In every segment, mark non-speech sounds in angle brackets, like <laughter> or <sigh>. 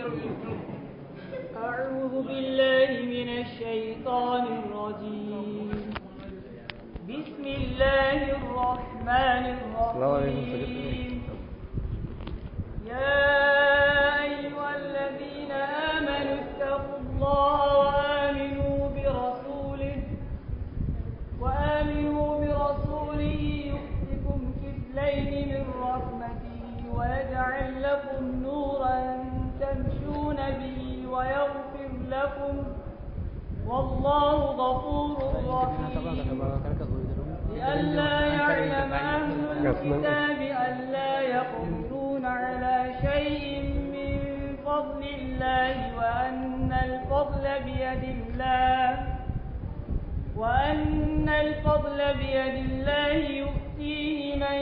أعوذ بالله من الشيطان الرجيم بسم الله الرحمن الرحيم يا أيها الذين آمنوا اتقوا الله وآمنوا برسوله وآمنوا برسوله يؤتكم كفلين من رحمته ويجعل لكم والله غفور رحيم لئلا يعلم أهل الكتاب ألا يقولون على شيء من فضل الله وأن الفضل بيد الله وأن الفضل بيد الله يؤتيه من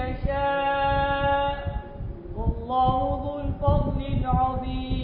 يشاء والله ذو الفضل العظيم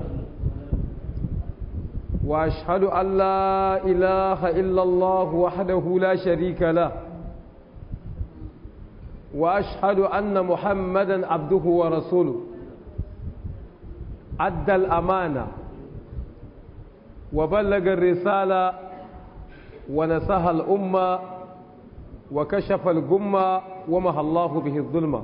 وأشهد أن لا إله إلا الله وحده لا شريك له وأشهد أن محمدا عبده ورسوله أدى الأمانة وبلغ الرسالة ونسها الأمة وكشف الجمة ومحى الله به الظلمة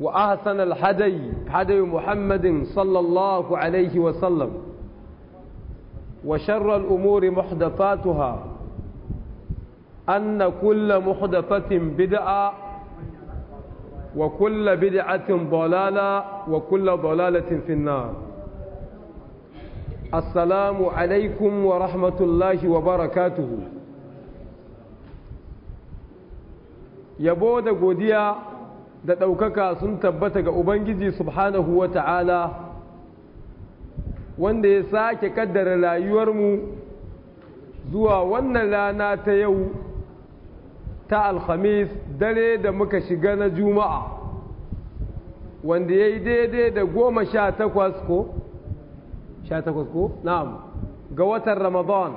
وأحسن الحدي حدي محمد صلى الله عليه وسلم وشر الأمور محدثاتها أن كل محدثة بدعة وكل بدعة ضلالة وكل ضلالة في النار السلام عليكم ورحمة الله وبركاته يبود قديا da ɗaukaka sun tabbata ga ubangiji subhanahu wa ta'ala wanda ya sake kaddara rayuwarmu zuwa wannan rana ta yau ta alhamis dare da muka shiga na juma'a wanda ya yi daidai da goma sha takwas ko? sha takwas ko? na'am ga watan ramadan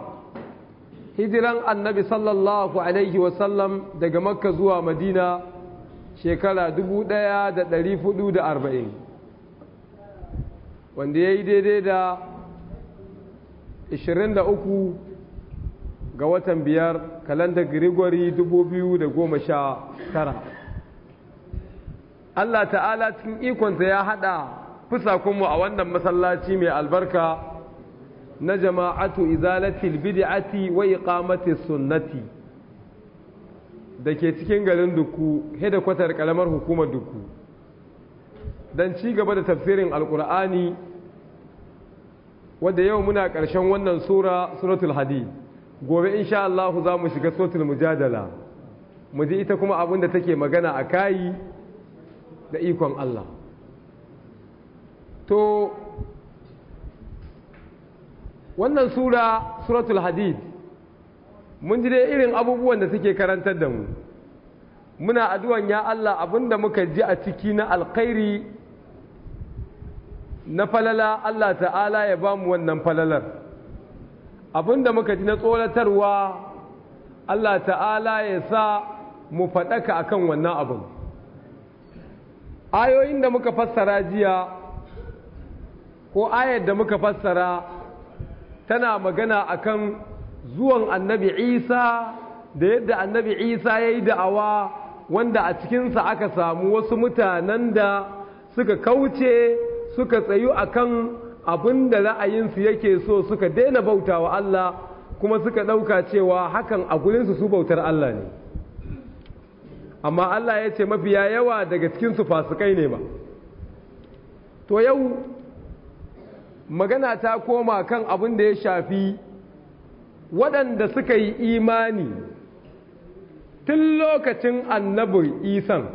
hijiran annabi sallallahu alaihi wasallam daga makka zuwa madina shekara dubu ɗaya da da ɗari arba'in, wanda ya yi daidai da 23 ga watan biyar kalanda Grigori tara. Allah ta'ala cikin ikonta ya hada fusakunmu a wannan masallaci mai albarka na jama'atu izalatil bid'ati wa iqamati sunnati da ke cikin garin duku kwatar kalamar hukumar duku don ci gaba da tafsirin alkur'ani wadda yau muna ƙarshen wannan sura suratul hadi gobe insha Allah za mu shiga suratul mujadala mu ji ita kuma abin da take magana a kayi da ikon Allah to wannan sura suratul hadid mun ji dai irin abubuwan da suke karantar da mu muna addu'an ya Allah abinda muka ji a ciki na alkhairi na falala Allah ta'ala ya ba mu wannan falalar abinda muka ji na tsoratarwa Allah ta'ala ya sa mu faɗaka akan wannan abin ayoyin da muka fassara jiya ko ayar da muka fassara tana magana akan zuwan annabi isa da yadda annabi isa ya yi da'awa wanda a cikinsa aka samu wasu mutanen da suka kauce suka tsayu akan abin da ra'ayinsu yake so suka daina bauta wa Allah kuma suka ɗauka cewa hakan a gurinsu su bautar Allah ne amma Allah ya ce mafiya yawa daga cikinsu fasikai ne ba to yau magana ta koma kan abin da ya shafi waɗanda suka yi imani tun lokacin annabi isan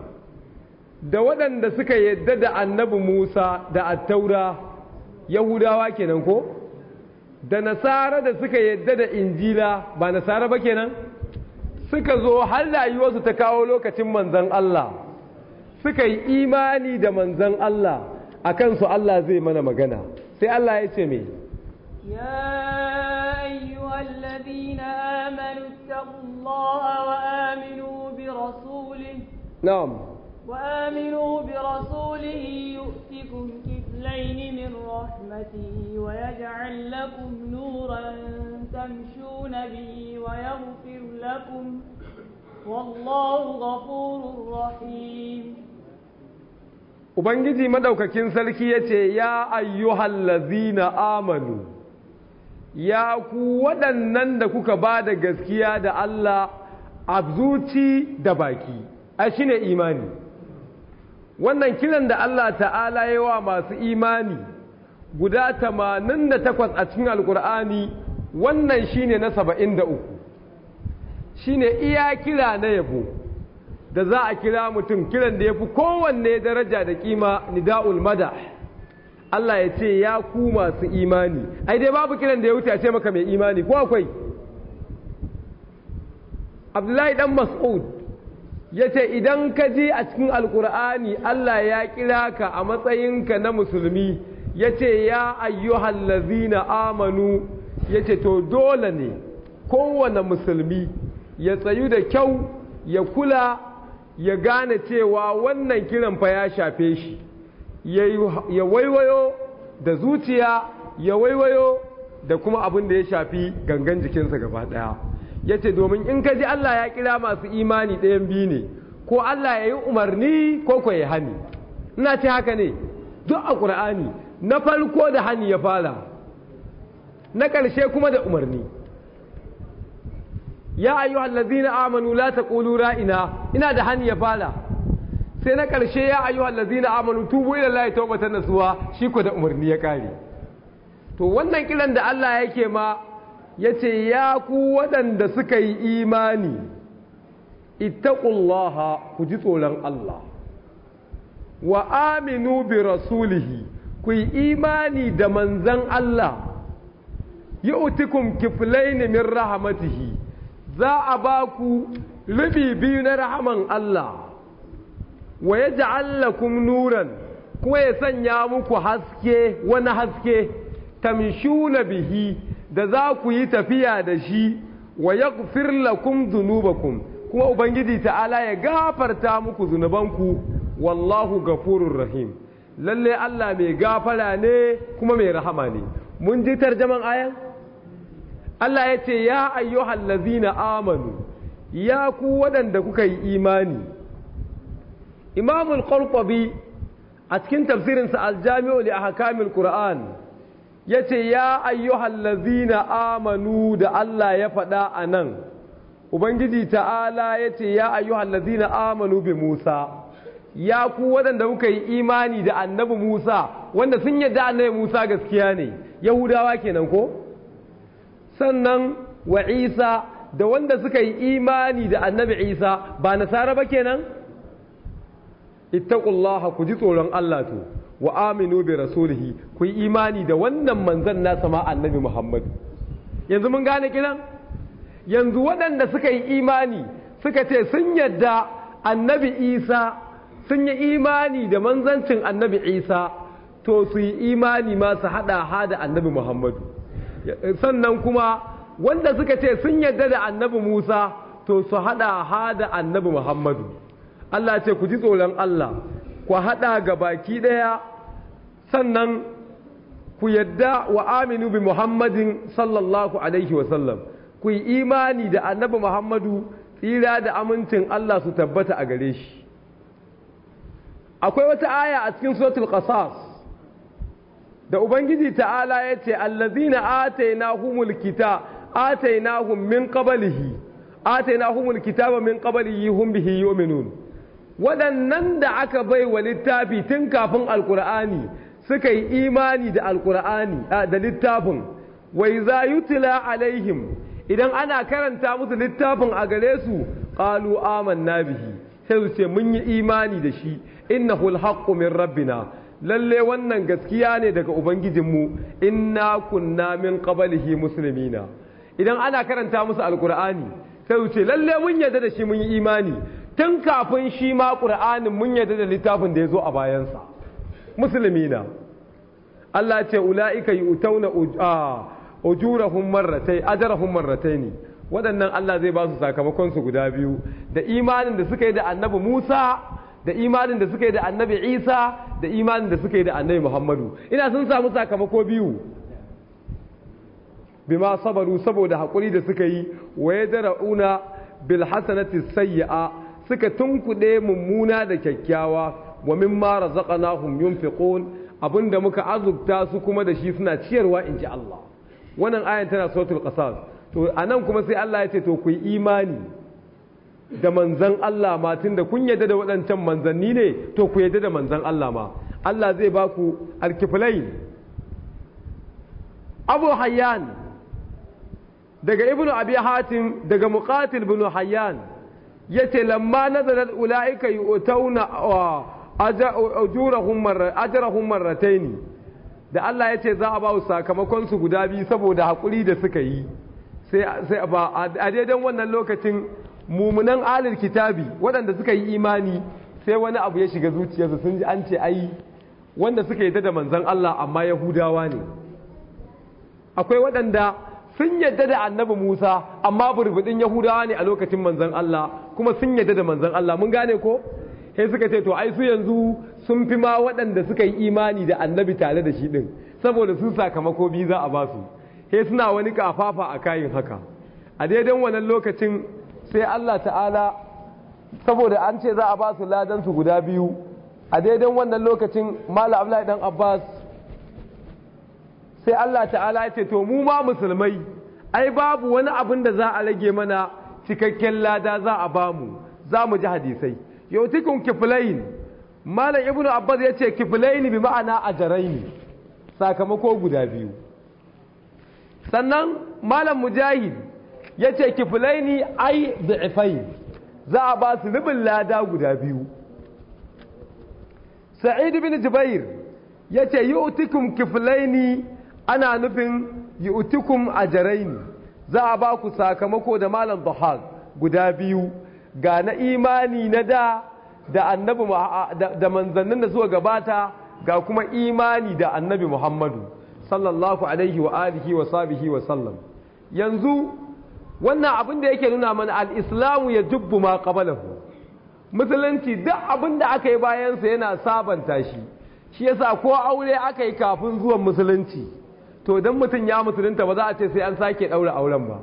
da waɗanda suka yadda da annabi musa da attaura yahudawa kenan ko da nasara da suka yadda da injila ba nasara ba kenan suka zo har rayuwarsu ta kawo lokacin manzan Allah suka yi imani da manzan Allah a kansu Allah zai mana magana sai Allah ya ce me أيها الذين آمنوا اتقوا الله وآمنوا برسوله نعم وآمنوا برسوله يؤتكم كفلين من رحمته ويجعل لكم نورا تمشون به ويغفر لكم والله غفور رحيم Ubangiji madaukakin sarki ya ce, “Ya آمنوا amanu” ya ku waɗannan da kuka ba da gaskiya da Allah a zuci da baki a shi ne imani wannan kiran da Allah ta'ala ya wa masu imani guda tamanin da takwas a cikin alkur'ani wannan shi ne na saba'in da uku shi ne iya kira na yabo da za a kira mutum kiran da ya fi kowanne daraja da kima nida'ul madah Allah ya ce ya ku masu imani ai dai babu kiran da ya wuce a ce maka mai imani ko akwai Abdullahi dan Mas'ud ya ce idan ka ji a cikin alkur'ani Allah ya kira ka a matsayinka na musulmi ya ce ya na amanu ya ce to dole ne kowane musulmi ya tsayu da kyau ya kula ya gane cewa wannan kiran fa ya shafe shi ya waiwayo da zuciya ya waiwayo da kuma abin da ya shafi gangan jikinsa gaba ɗaya ya ce domin in ka ji Allah ya kira masu imani ɗayan biyu ne ko Allah ya yi umarni ko ko ya hani ina ce haka ne duk a ƙura'ani na farko da hani ya fara na ƙarshe kuma da umarni ya ayyuhallazina amanu la taqulu ra'ina ina da hani ya fara sai na ƙarshe ya ayyuhal ladzina amanu tubu ila llahi tawbatan nasuha shi ko da umarni ya kare to wannan kiran da Allah yake ma yace ya ku waɗanda suka yi imani ittaqullaha ku ji tsoron Allah wa aminu bi rasulihi ku yi imani da manzan Allah yu'tikum kiflaini min rahmatihi za a ba ku rubi biyu na rahaman Allah wa ya ji lakum nuran kuma ya sanya muku haske wani haske tamshuna bihi da za ku yi tafiya da shi wa yaghfir lakum zunubakun kuma ubangiji ta'ala ya gafarta muku zunubanku wallahu gafurur rahim lalle Allah mai gafara ne kuma mai rahama ne mun ji tarjaman ayan Allah ya ce ya ayyuhallazina amanu ya ku waɗanda kuka yi imani Imamul al a cikin tafsirinsa al-jami'u li ahkamil qur'an yace ya ayyuhal ladzina amanu da Allah ya faɗa nan. ubangiji ta'ala yace ya ayyuhal ladina amanu bi Musa ya ku waɗanda muka yi imani da annabi Musa wanda sun yadda annabi Musa gaskiya ne yahudawa kenan ko sannan wa Isa da wanda suka yi imani da annabi Isa ba nasara ba kenan ittaqullaha ku ji tsoron Allah to wa aminu bi rasulihi ku yi imani da wannan manzon nasa ma annabi Muhammad yanzu mun gane kiran yanzu waɗanda suka yi imani suka ce sun yadda annabi Isa sun yi imani da manzancin annabi Isa to su yi imani ma su hada ha da annabi Muhammad sannan kuma wanda suka ce sun yadda da annabi Musa to su hada ha da annabi Muhammadu Allah ce ku ji tsoron Allah ku haɗa ga baki ɗaya sannan ku yadda wa aminu bi muhammadin sallallahu alaihi wasallam ku yi imani da annabi muhammadu tsira da amincin Allah su tabbata a gare shi akwai wata aya a cikin suratul qasas da ubangiji ta'ala ya ce allazina atainahumul kita atainahum min qablihi atainahumul kitaba min qablihi hum bihi yu'minun waɗannan da aka bai wa littafi tun kafin alkur'ani suka yi imani da alkur'ani da littafin wai za yutila alaihim idan ana karanta musu littafin a gare su qalu amanna bihi sai su ce mun yi imani da shi innahu alhaqqu min rabbina lalle wannan gaskiya ne daga ubangijinmu inna kunna min qablihi muslimina idan ana karanta musu alkur'ani sai su ce lalle mun yarda da shi mun yi imani tun kafin shi ma ƙur'anin mun yadda da littafin da ya zo a bayansa musulmi na Allah ce ula'ika yi utauna ujurahum marratai ajarahum marratai ne waɗannan Allah zai ba su sakamakon su guda biyu da imanin da suka yi da annabi Musa da imanin da suka yi da annabi Isa da imanin da suka yi da annabi Muhammadu ina sun samu sakamako biyu bima sabaru saboda haƙuri da suka yi wa yadra'una bil hasanati sayya'a. suka tunkuɗe mummuna da kyakkyawa wa mara mimma fiƙon, abin abinda muka azubta su kuma da shi suna ciyarwa in ji Allah wannan ayan tana suratul ƙasar. to nan kuma sai Allah ya ce to ku yi imani da manzan Allah ma tun da kun yadda da waɗancan manzanni ne to ku yadda da manzan Allah ma Allah zai ba ku alkifilai Abu Hayyan daga Ibn Abi Hatim daga Muqatil ibn Hayyan yace lamma nazalat ulaika yu'tauna ajrahum marra ajrahum ne da Allah ya ce za a ba su sakamakon su guda biyu saboda hakuri da suka yi sai ba a daidan wannan lokacin mumunan alil kitabi waɗanda suka yi imani sai wani abu ya shiga zuciyarsu sun ji an ce ai wanda suka yi da manzon Allah amma yahudawa ne akwai waɗanda sun yadda da annabi Musa amma burbudin Yahudawa ne a lokacin manzon Allah kuma sun yadda da manzon Allah mun gane ko sai suka ce to ai su yanzu sun fi ma waɗanda suka yi imani da annabi tare da shi ɗin saboda sun sakamako biyu za a ba su sai suna wani kafafa a kayin haka a daidai wannan lokacin sai Allah ta'ala saboda an ce za a ba su ladan su guda biyu a daidai wannan lokacin mala abdullahi dan abbas sai Allah ta'ala ya ce to mu ma musulmai ai babu wani abin da za a rage mana cikakken lada za a bamu za mu ji hadisai yau tikun kifilain malam ibn abbas ya ce kifilain bi ma'ana ne sakamako guda biyu sannan malam mujahid ya ce kifilaini ai du'ifai za a ba su rubin lada guda biyu sa'id bin jibair ya ce yi utukum kifilaini ana nufin yi a ne za a ba ku sakamako da malam dhahab guda biyu ga na imani na da da annabi da manzannin da suka gabata ga kuma imani da annabi Muhammadu sallallahu alaihi wa alihi wa sabihi wa sallam yanzu wannan abin da yake nuna mana al'islamu ya jubbu ma kabalahu musulunci duk abin da aka yi bayansa yana sabanta shi shi yasa ko aure aka yi kafin zuwan musulunci to idan mutum ya musulunta ba za a ce sai an sake ɗaura auren ba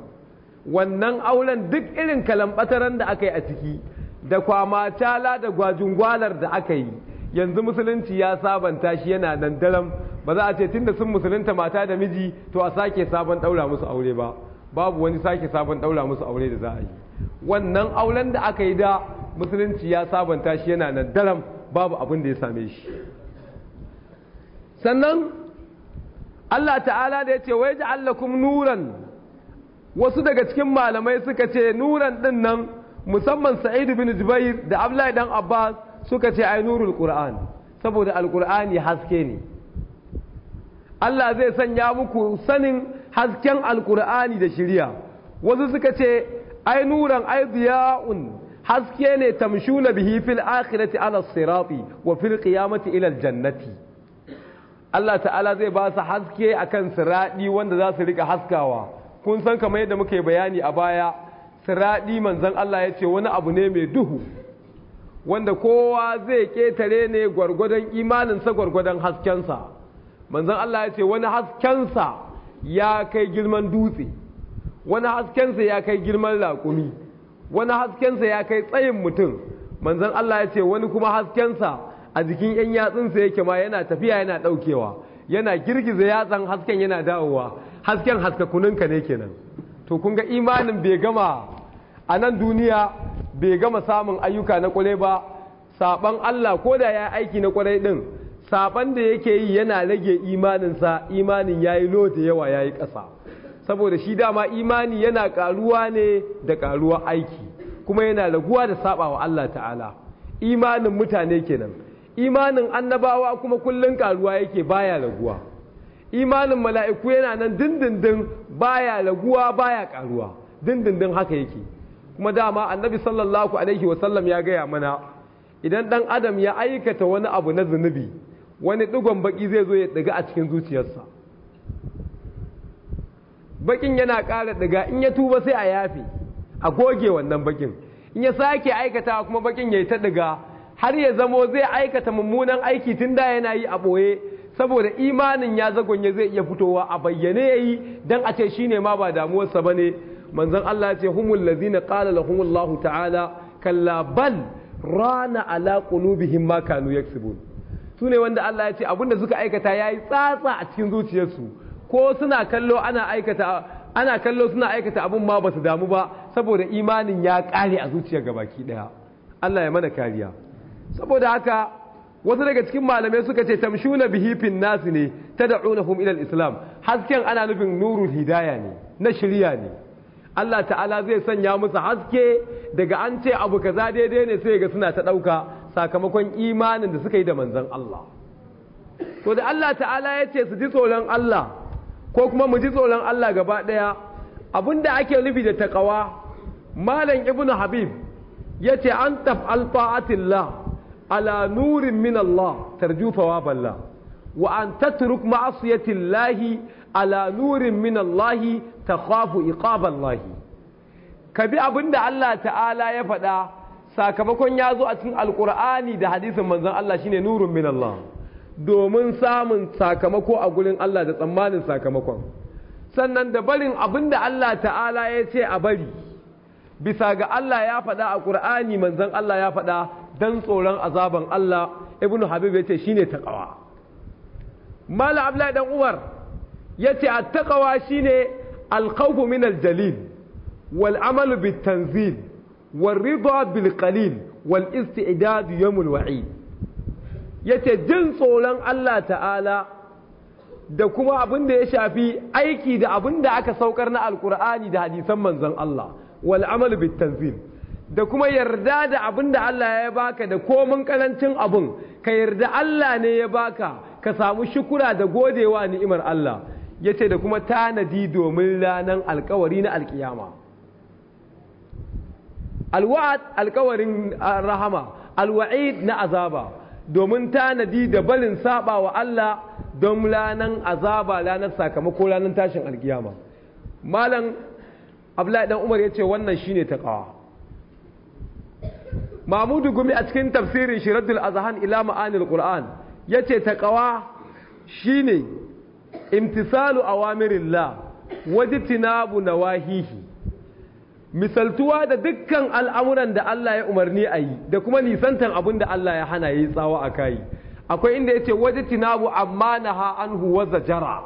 wannan auren duk irin kalambataran da aka yi a ciki da kwama cala da gwajin gwalar da aka yi yanzu musulunci ya sabanta shi yana nan daram ba za a ce tunda sun musulunta mata da miji to a sake sabon ɗaura musu aure ba babu wani sake sabon ɗaura musu aure da za a yi wannan auren da aka yi da musulunci ya sabanta shi yana nan daram babu abin da ya same shi sannan Allah ta'ala da ya ce wai ja'allakum nuran wasu daga cikin malamai suka ce nuran din nan musamman Sa'id bin Jubair da Abdullahi dan Abbas suka ce ai nurul Qur'an saboda alqur'ani haske ne Allah zai sanya muku sanin hasken alqur'ani da shiriya wasu suka ce ai nuran ai ziyaun haske ne tamshuna bihi fil akhirati ala sirati wa fil qiyamati ila al jannati Allah ta'ala zai ba su haske a kan siraɗi wanda za su riƙa haskawa kun san kamar yadda muke bayani a baya siraɗi manzon Allah ya ce wani abu ne mai duhu wanda kowa zai ƙetare ne gwargwadon imaninsa gwargwadon haskensa manzan Allah ya ce wani haskensa ya kai girman dutse wani haskensa ya kai girman laƙumi wani haskensa ya kai tsayin mutum manzon Allah ya ce wani kuma haskensa a jikin yan yatsunsa yake ma yana tafiya yana ɗaukewa yana girgiza yatsan hasken yana dawowa hasken haskakuninka ne kenan to kun ga imanin bai gama a nan duniya bai gama samun ayyuka na kwarai ba saban Allah ko da ya aiki na kwarai din saban da yake yi yana rage imaninsa imanin ya yi lota yawa ya yi ƙasa saboda shi dama imani yana karuwa ne da karuwa aiki kuma yana raguwa da sabawa Allah ta'ala imanin mutane kenan imanin annabawa kuma kullun karuwa yake baya raguwa imanin mala'iku yana nan dindindin baya raguwa baya karuwa dindindin haka yake kuma dama annabi sallallahu alaihi wasallam ya gaya mana idan dan adam ya aikata wani abu na zunubi wani digon baki zai zo ya diga a cikin zuciyarsa bakin yana ƙara diga in ya tuba sai a yafi a goge wannan bakin in ya sake aikata kuma bakin ya yi ta diga har ya zamo zai aikata mummunan aiki tun da yana yi a ɓoye saboda imanin ya zagonye zai iya fitowa a bayyane ya yi don a ce shi ne ma ba damuwarsa ba ne manzon Allah ce humul lazina humul lahu ta'ala kalla bal rana ala qulubihim ma kanu yaksubun su ne wanda Allah ya ce abinda suka aikata ya yi tsatsa a cikin zuciyarsu ko suna kallo ana aikata kallo suna aikata abin ma ba su damu ba saboda imanin ya ƙare a zuciyar gabaki ɗaya? Allah ya mana kariya saboda haka wasu daga cikin malamai suka ce tamshuna bihifin nasu ne ta da ila ilal islam hasken ana nufin nuru hidaya ne na shirya ne Allah ta'ala zai sanya musu haske daga an ce abu kaza daidai ne sai ga suna ta ɗauka sakamakon imanin da suka yi da manzan Allah to da Allah ta'ala ya ce su ji tsoron Allah ko kuma mu ji tsoron Allah gaba daya abinda ake nufi da takawa malam ibnu habib yace an taf'al ta'atillah ala nurin min Allah tarju fawaballah wa an tatruk ma'asiyati Allah ala nurin min Allah takhafu iqaballah ka bi abinda Allah ta'ala ya faɗa sakamakon ya zo a cikin alkur'ani da hadisin manzon Allah shine nurun min Allah domin samun sakamako a gurin Allah da tsammanin sakamakon sannan da barin abinda Allah ta'ala ya ce a bari bisa ga Allah ya faɗa a ƙur'ani manzon Allah ya faɗa dan tsoron azaban Allah ibnu habib yace shi taqwa mala abdullahi dan uwar yace at-taqwa shine al-khawfu min al-jalil wal amalu bit-tanzil wal ridha bil qalil wal idadu yawm al Ya yace jin tsoron Allah ta'ala da kuma abin da ya shafi aiki da abin da aka saukar na alkur'ani da hadisan manzon Allah wal amalu bit-tanzil da kuma yarda da abin da Allah ya baka da komin karancin abin ka yarda Allah ne ya baka ka samu shukura da godewa ni'imar Allah Ya ce da kuma tanadi domin ranar alkawari na alkiyama alwa'ad alkawarin rahama alwa'id na azaba domin tanadi da barin saba wa Allah don ranar azaba ranar sakamako ranar tashin alkiyama malam Abdullahi la'idan Umar ya ce wannan shine ƙawa. mahmudu gumi a cikin tafsirin shiraddul azhan ila ma'anil qur'an yace taqwa shine imtisalu awamirillah wajtinabu nawahihi misaltuwa da dukkan al'amuran da Allah ya umarni a yi da kuma nisantan abin da Allah ya hana ya yi tsawa a ka'i, akwai inda ya ce waje tinabu amma na ha'anhu waza jara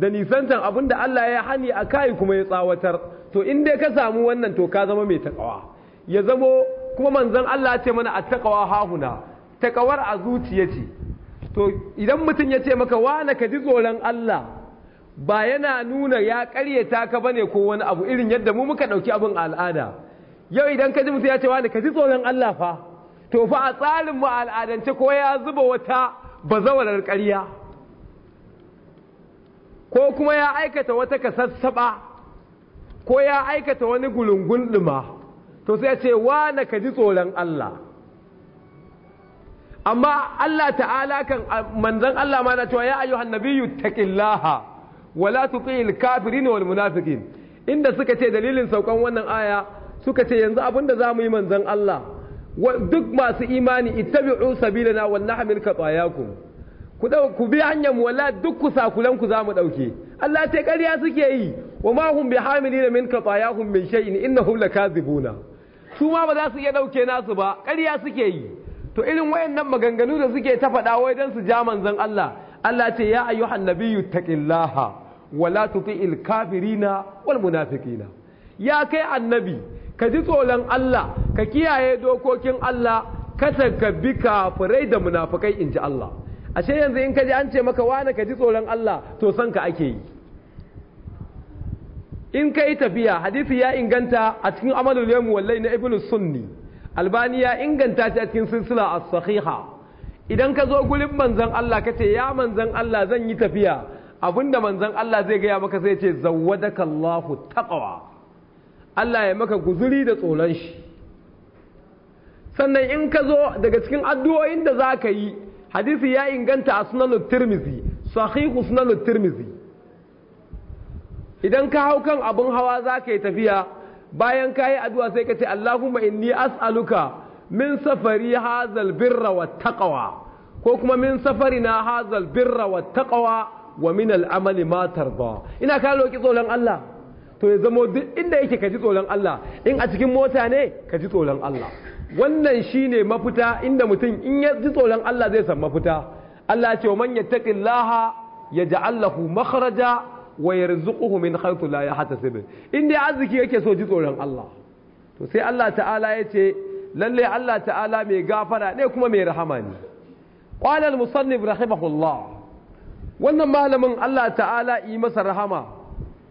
da nisantan abin da Allah ya hani a ka'i kuma ya tsawatar to inda ka samu wannan to ka zama mai takawa ya zamo kuma manzon Allah ce mana a takawa hahuna takawar a zuciya ce to idan mutum ya ce maka wane ka ji tsoron Allah ba yana nuna ya karyata ka bane ko wani abu irin yadda mu muka dauki abin al'ada yau idan ka ji mutum ya ce wane ka ji tsoron Allah fa to fa a tsarin mu al'adance ko ya zuba wata bazawarar ƙarya ko kuma ya aikata wata kasassaba ko ya aikata wani gulungun dima to sai ce wane ka ji tsoron Allah amma Allah ta'ala kan manzan Allah ma na cewa ya ayyuhan nabiyyu taqillaha wala tuqil kafirin wal munafiqin inda suka ce dalilin saukan wannan aya suka ce yanzu abinda zamu yi manzan Allah duk masu imani ittabi'u sabilana wal nahmil qatayakum ku ku bi hanyar mu wala duk kusakulan ku zamu dauke Allah ta karya suke yi wa ma hum bihamilina min in min shay'in innahum lakazibuna su ma ba za su iya ɗauke nasu ba ƙarya suke yi to irin wayannan maganganu da suke ta faɗa wai don su ja manzon Allah Allah ce ya ayyuhan nabiyyu taqillaha wala tuti'il kafirina wal munafiqina ya kai annabi ka ji tsoron Allah ka kiyaye dokokin Allah kada ka bi kafirai da munafikai inji Allah ashe yanzu in ka ji an ce maka wane ka ji tsoron Allah to san ka ake yi in ka yi tafiya hadisi ya inganta a cikin amalul yamu wallai na ibnu sunni albani ya inganta ta cikin silsila a sahiha idan ka zo gurin manzon Allah ka ce ya manzon Allah zan yi tafiya abinda manzon Allah zai gaya maka sai ce zawwadaka Allahu taqwa Allah ya maka guzuri da tsoron shi sannan in ka zo daga cikin addu'o'in da za ka yi hadisi ya inganta a sunan tirmizi sahihu sunan tirmizi idan ka hau kan abin hawa za ka yi tafiya bayan ka yi addu'a sai ka ce Allahumma inni as'aluka min safari hazal birra wa taƙawa, ko kuma min safari na hazal birra wa taƙawa wa min al'amali matar ba. ina ka roki tsoron Allah to ya zamo duk inda yake ka ji tsoron Allah in a cikin mota ne ka ji tsoron Allah wannan shine mafita inda mutum in ya ji tsoron Allah zai san mafita Allah ce wa man yattaqillaha yaj'al lahu makhraja wa yarzuquhu min haythu la yahtasib in dai arziki yake so ji tsoron Allah to sai Allah ta'ala yace lalle Allah ta'ala mai gafara ne kuma mai rahama ne qala al-musannif rahimahullah wannan malamin Allah ta'ala yi masa rahama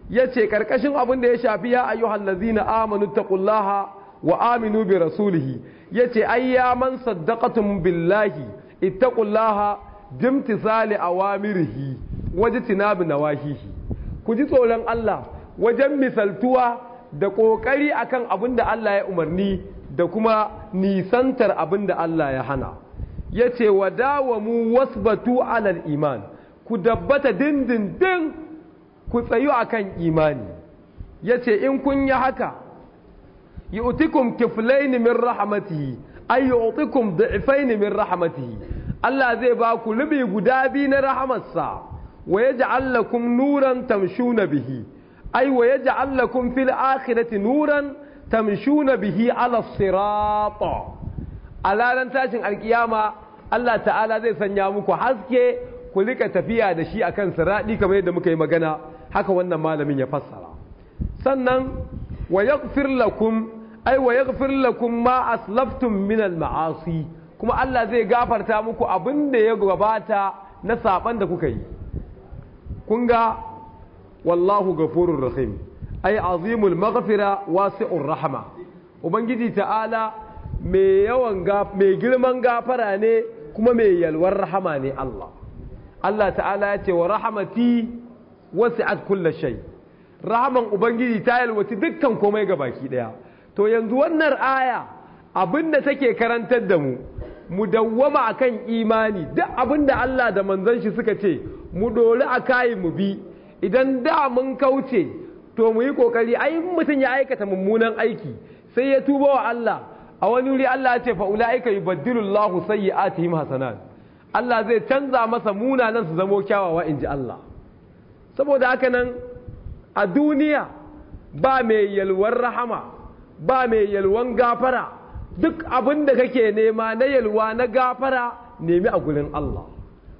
yace karkashin abin da ya shafi ya ayyuhal ladzina amanu taqullaha wa aminu bi rasulihi yace man saddaqatum billahi ittaqullaha dimtisali awamirihi wajtinabi nawahihi ku ji tsoron Allah wajen misaltuwa da ƙoƙari akan abin da Allah ya umarni da kuma nisantar abin da Allah ya hana ya ce wa dawamu wasbatu alal iman ku dabbata dindindin ku tsayu a kan imani ya ce in kun yi haka yi utikun kiflaini min rahamatihi ay yi utikun da'ifaini min rahamatihi Allah zai ba ku lubi guda biyu na rahamarsa wa yaj'al lakum nuran na bihi ay wa yaj'al fil akhirati nuran tamshuna bihi ala sirata alalan tashin alkiyama Allah ta'ala zai sanya muku haske ku rika tafiya da shi akan siraɗi kamar yadda muka yi magana haka wannan malamin ya fassara sannan wa yaghfir lakum ay wa yaghfir lakum ma aslaftum min ma'asi kuma Allah zai gafarta muku abin da ya gabata na saban da kuka yi kun ga wallahu gafurur rahim ai azimul maghfira wasi'ur rahma ubangiji ta'ala mai yawan mai girman gafara ne kuma mai yalwar rahama ne Allah Allah ta'ala ya ce wa rahamati wasi'at kulli shay rahaman ubangiji ta yalwaci dukkan komai ga baki daya to yanzu wannan aya abinda take karantar da mu mu dawwama akan imani duk abin da Allah da manzon shi suka ce mu dori a kayi mu bi idan da mun kauce to mu yi kokari ai mutum ya aikata mummunan aiki sai ya tuba wa Allah a wani wuri Allah ya ce fa ulaika yubaddilu Allahu sayyi'atihim hasanat Allah zai canza masa munanan su zamo kyawawa inji Allah saboda haka nan a duniya ba mai yalwar rahama ba mai yalwan gafara duk abin da kake nema na yalwa na gafara nemi a gurin Allah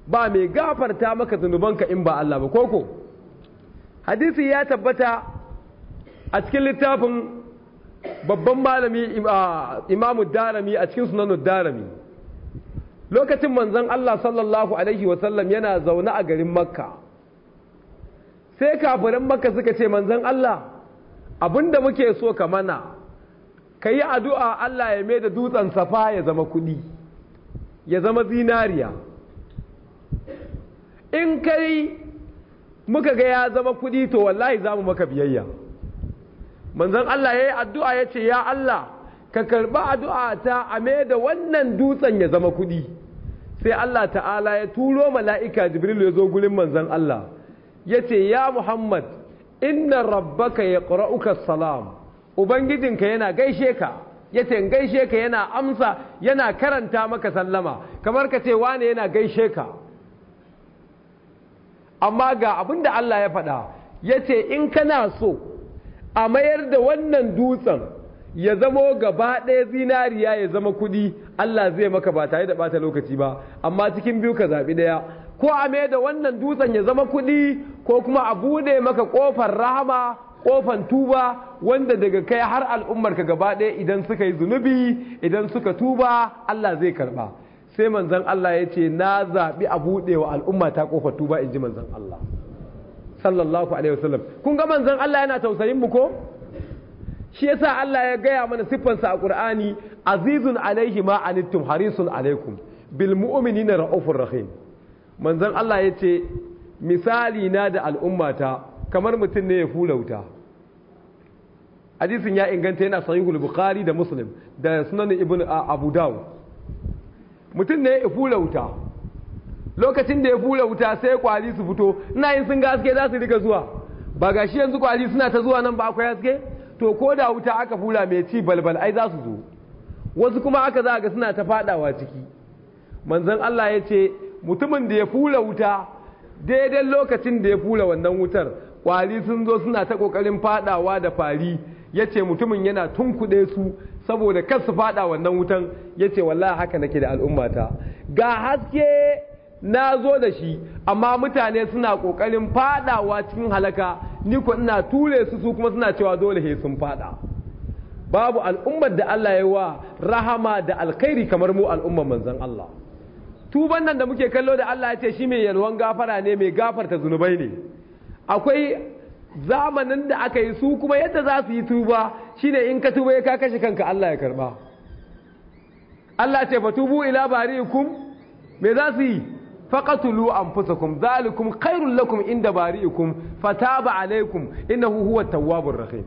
ba mai gafarta maka zunubanka in ba Allah ba koko hadisi ya tabbata a cikin littafin babban malami imamu darami a cikin sunan darami lokacin manzon Allah sallallahu alaihi wasallam yana zaune a garin makka sai kafiran makka suka ce manzan Allah abinda muke so ka mana ka yi addu'a Allah ya mai da dutsen safa ya zama kuɗi ya zama zinariya in kai muka ga ya zama kuɗi to wallahi za mu maka biyayya manzon Allah ya yi addu'a ya ce ya Allah ka karɓi addu'a ta a mai da wannan dutsen ya zama kuɗi sai Allah ta'ala ya turo mala'ika jibril ya zo gurin manzon Allah ya ce ya Muhammad inna rabbaka ya salam ubangijinka yana gaishe ka ya ce gaishe ka yana amsa yana karanta maka sallama kamar ka ce wane yana gaishe ka amma ga abin da Allah ya faɗa ya ce in kana so a mayar da wannan dutsen ya zamo gaba ɗaya zinariya ya zama kuɗi Allah zai maka ba tare da ɓata lokaci ba amma cikin biyu ka zaɓi ɗaya ko a mayar da wannan dutsen ya zama kuɗi ko kuma a bude maka ƙofar rahama kofan tuba wanda daga kai har al'ummarka gaba ɗaya idan suka yi zunubi idan suka tuba Allah zai karɓa sai manzon Allah ya ce na zaɓi a buɗewa al'umma ta kofar tuba in ji manzon Allah sallallahu alaihi wasallam kun ga manzon Allah yana tausayin mu ko shi yasa Allah ya gaya mana siffansa a Qur'ani azizun alaihi ma anittum harisun alaikum bil mu'minina raufur rahim manzon Allah ya ce misali na da al'ummata kamar mutum ne ya fula wuta hadisin ya inganta yana sahihul bukhari da muslim da sunan ibn abu dawud mutum ne ya fula wuta lokacin da ya fura wuta sai kwali su fito ina yin sun ga haske za su rika zuwa ba ga shi yanzu kwali suna ta zuwa nan ba akwai haske to ko da wuta aka fula mai ci balbal ai za su zo wasu kuma aka za ga suna ta fadawa ciki manzon Allah ya ce mutumin da ya fula wuta daidai lokacin da ya fula wannan wutar kwari sun zo suna ta kokarin fadawa da fari yace mutumin yana tunkuɗe su saboda kar su fada wannan wutan yace wallahi haka nake da al'ummata ga haske na zo da shi amma mutane suna kokarin fadawa cikin halaka ni ko ina ture su su kuma suna cewa dole he sun fada babu al'ummar da Allah ya wa rahama da alkhairi kamar mu al'ummar manzon Allah tuban nan da muke kallo da Allah ya ce shi mai yalwan gafara ne mai gafarta zunubai ne akwai zamanin da aka yi su kuma yadda za su yi tuba shine in ka tuba ka kashe kanka Allah ya karba Allah ce fatubu ila bari'ikum me za su yi faqatulu anfusakum zalikum khairul lakum inda bari'ikum fataba alaikum innahu huwat tawwabur rahim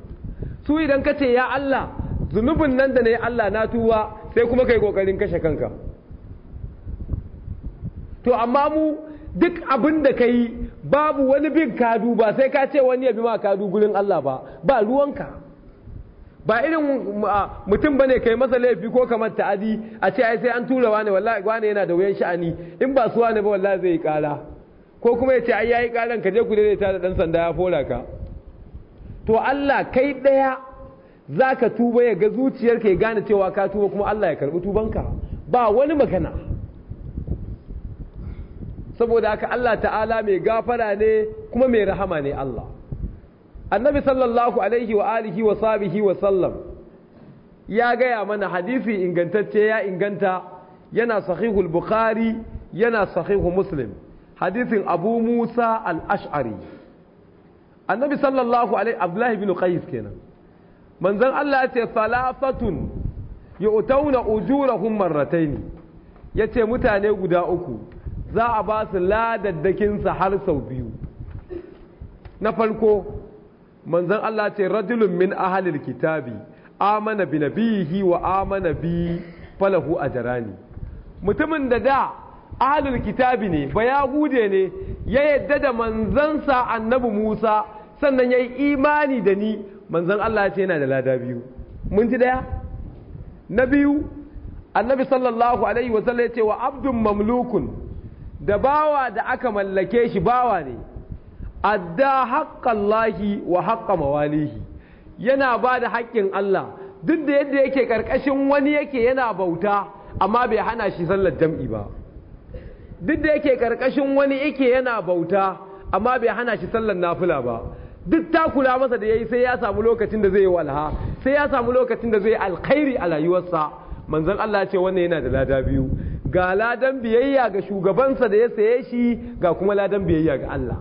su idan ka ce ya Allah zunubin nan da nayi Allah na tuba sai kuma kai kokarin kashe kanka to amma mu duk abin da ka yi babu wani bin kadu ba sai ka ce wani ya bi ma kadu gurin Allah ba ba ruwanka ba irin mutum bane kai masa laifi ko kamar ta'adi a ce ai sai an tura wani wallahi wani yana da wuyan sha'ani in ba su wani ba wallahi zai yi kara ko kuma ya ce ai yayi karan ka je ku daidaita da dan sanda ya fora ka to Allah kai daya zaka tuba ya ga zuciyarka ya gane cewa ka tuba kuma Allah ya karbi tubanka ba wani magana saboda haka Allah ta'ala mai gafara ne kuma mai rahama ne Allah annabi sallallahu alaihi wa alihi wa sabihi wa sallam ya gaya mana hadisi ingantacce ya inganta yana sahihul bukhari yana sahihu muslim hadisin abu musa al-ash'ari annabi sallallahu alaihi abdullahi bin qais kenan Manzan Allah ya ce salafatun yu'tauna ujurahum marrataini yace mutane guda uku za a ba su ladaddakinsa har sau biyu na farko manzan Allah ce rajulun min ahalil kitabi amana bi nabihi wa amana bi falahu ajrani mutumin da da ahalil kitabi ne ba ya gude ne ya yadda da manzansa annabi Musa sannan ya yi imani da ni manzan Allah ce yana da lada biyu mun ji daya na biyu annabi sallallahu alaihi wasallam ya ce wa abdun mamlukun da bawa da aka mallake shi bawa ne adda haƙƙallahi wa haƙƙa mawalihi yana ba da haƙƙin Allah duk da yadda yake ƙarƙashin wani yake yana bauta amma bai hana shi sallar jam'i ba duk da yake ƙarƙashin wani yake yana bauta amma bai hana shi sallar nafila ba duk ta kula masa da yayi sai ya samu lokacin da zai yi walha sai ya samu lokacin da zai alkhairi a rayuwarsa manzon Allah ce wannan yana da lada biyu ga ladan biyayya ga shugabansa da ya saye shi ga kuma ladan biyayya ga Allah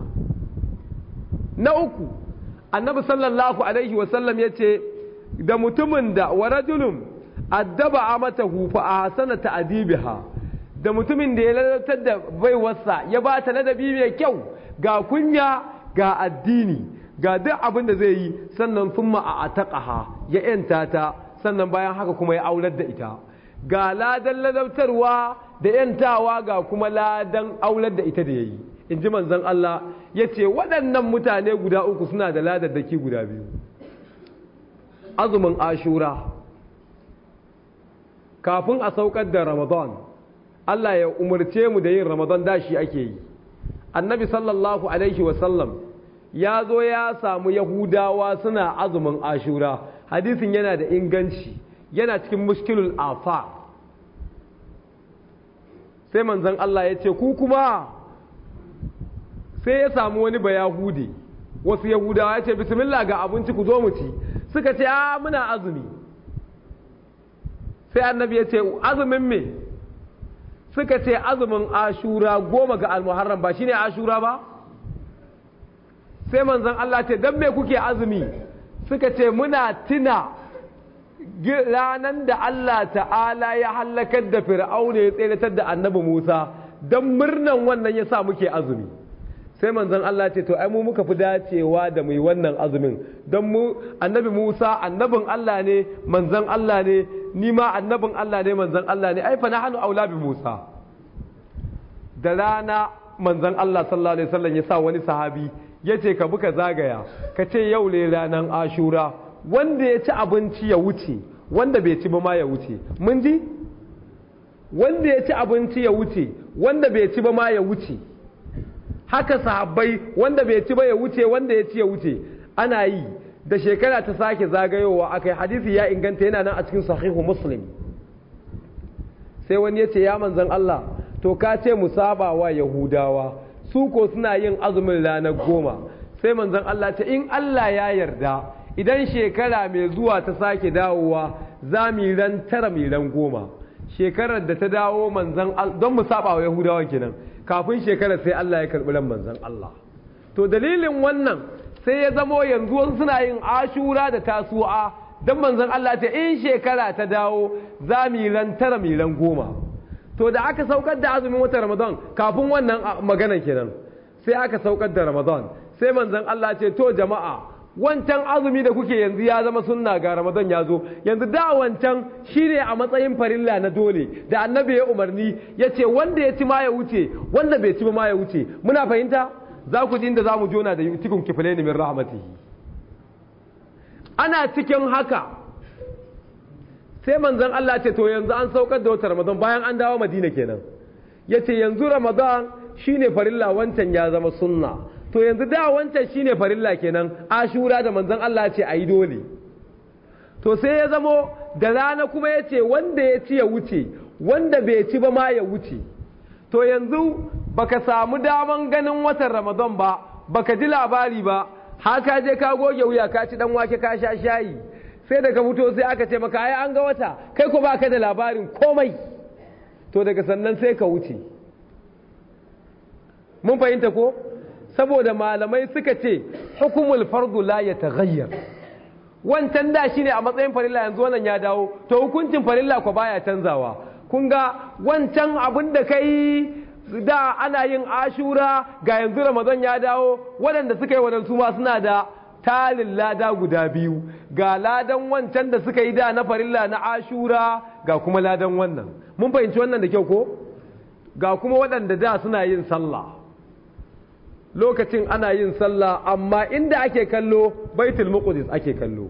na uku annabi sallallahu alaihi wasallam ya ce da mutumin da wa rajulun addaba a fa ahsana ta'dibiha da mutumin da ya lalatar da baiwarsa ya ba ta ladabi mai kyau ga kunya ga addini ga duk abin da zai yi sannan thumma a ataqaha ya yanta ta sannan bayan haka kuma ya aular da ita ga ladan ladabtarwa da ‘yantawa ga kuma ladan aular da ita da ya yi, in ji manzan Allah ya ce waɗannan mutane guda uku suna da ladar ladaddaki guda biyu. Azumin ashura, kafin a saukar da Ramadan, Allah ya umarce mu da yin Ramadan shi ake yi. Annabi sallallahu Alaihi wasallam ya zo ya samu Yahudawa suna azumin ashura, hadisin yana da inganci, yana cikin muskilul afa. sai manzan Allah ya ce ku kuma sai ya samu wani bayahudi wasu yahudawa ya ce bismillah ga abinci ku zo mu ci suka ce a ah, muna azumi sai annabi ya ce azumin me suka ce azumin ashura goma ga almuharram ba shine ashura ba sai manzan Allah ce dan me kuke azumi suka ce muna tina ranan da Allah ta'ala ya halakar da fir'auna ya tseratar da annabi Musa don murnan wannan ya sa muke azumi sai manzon Allah ce to ai mu muka fi dacewa da mai wannan azumin don mu annabi Musa annabin Allah ne manzon Allah ne ni ma annabin Allah ne manzon Allah ne ai fa nahnu aula bi Musa da rana manzon Allah sallallahu alaihi wasallam ya sa wani sahabi ya ce ka bi zagaya ka ce yau ne ranar Ashura wanda ya ci abinci ya wuce wanda bai ci ba ma ya wuce mun ji wanda ya ci abinci ya wuce wanda bai ci ba ma ya wuce haka sahabbai wanda bai ci ba ya wuce wanda ya ci ya wuce ana yi da shekara ta sake zagayowa akai hadisi ya inganta yana nan a cikin sahihu muslim sai wani ya ce ya manzan Allah to ka ce mu saba wa yahudawa su ko suna yin azumin ranar goma sai manzan Allah ce in Allah ya yarda idan shekara mai zuwa ta sake dawowa za mu ran tara mu ran goma shekarar da ta dawo manzan don mu saba wa yahudawa kenan kafin shekarar sai Allah ya karbi ran manzan Allah to dalilin wannan sai ya zamo yanzu wasu suna yin ashura da tasu'a don manzan Allah ta in shekara ta dawo za mu ran tara mu ran goma to da aka saukar da azumin watan ramadan kafin wannan magana kenan sai aka saukar da ramadan sai manzan Allah ce to jama'a wancan azumi da kuke yanzu ya zama sunna ga ramadan ya zo yanzu da wancan shine a matsayin farilla na dole da annabi ya umarni ya ce wanda ya ci ma ya wuce wanda bai ci ma ya wuce muna fahimta za ku ji inda za mu jona da yutikun kifileni min rahmatihi ana cikin haka sai manzon Allah ce to yanzu an saukar da wata ramadan bayan an dawo madina kenan ya ce yanzu ramadan shine farilla wancan ya zama sunna to yanzu da wancan shine farilla kenan ashura da manzon Allah ce ayi dole to sai ya zamo da rana kuma ya ce wanda ya ci ya wuce wanda bai ci ba ma ya wuce to yanzu baka samu daman ganin watan ramadan ba baka ji labari ba ka je ka goge wuya ka ci dan wake ka sha shayi sai daga fito sai aka ce maka ai an ga wata kai ko baka da labarin komai to daga sannan sai ka wuce mun fahimta ko saboda malamai suka ce hukumul fardu la ya taghayyar wancan da shine a matsayin farilla yanzu wannan ya dawo to hukuncin farilla ko baya canzawa kun ga wancan abin da kai da ana yin ashura ga yanzu ramadan ya dawo waɗanda suka yi waɗansu ma suna da talin lada guda biyu ga ladan wancan da suka yi da na farilla na ashura ga kuma ladan wannan mun fahimci wannan da kyau ko ga kuma waɗanda da suna yin sallah lokacin ana yin sallah amma inda ake kallo baitul muqdis ake kallo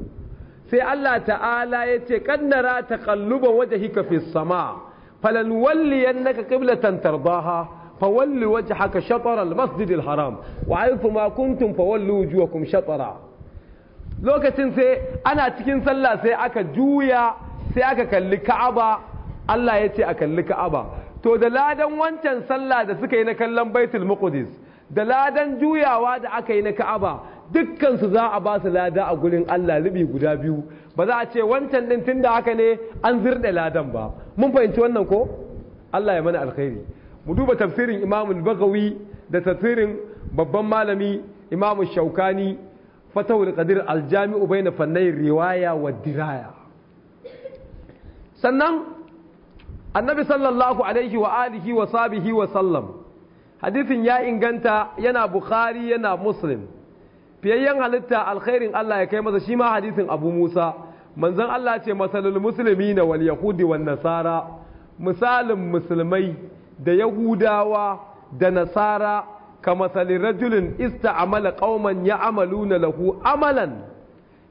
sai Allah ta'ala ya ce kannara taqalluba wajhika fis sama falanwalliyannaka qiblatan tardaha fawalli wajhaka shatr al-masjid al-haram wa aythu ma kuntum fawallu wujuhakum shatra lokacin sai ana cikin sallah sai aka juya sai aka kalli Ka'aba Allah ya ce a kalli Ka'aba to da ladan wancan sallah da suka yi na kallon Baitul Muqdis da ladan juyawa da aka yi na ka'aba dukkansu za a ba su lada a gurin Allah libi guda biyu ba za a ce wancan din da haka ne an zirɗe ladan ba mun fahimci wannan ko Allah ya mana alkhairi mu duba tafsirin Imam bagawi da tafsirin babban malami Imam Shaukani Fatahul Qadir Aljami'u, Baina, fannai riwaya wa diraya sannan annabi sallallahu alaihi wa alihi wa sahbihi wa sallam hadisin ya inganta yana bukhari yana muslim fiyayyen halitta alkhairin Allah ya kai masa shi ma hadisin abu musa manzon Allah ce masalul musulmi na wal yahudi nasara misalin musulmai da yahudawa da nasara ka masalin rajulin ista'amala qauman ya'maluna lahu amalan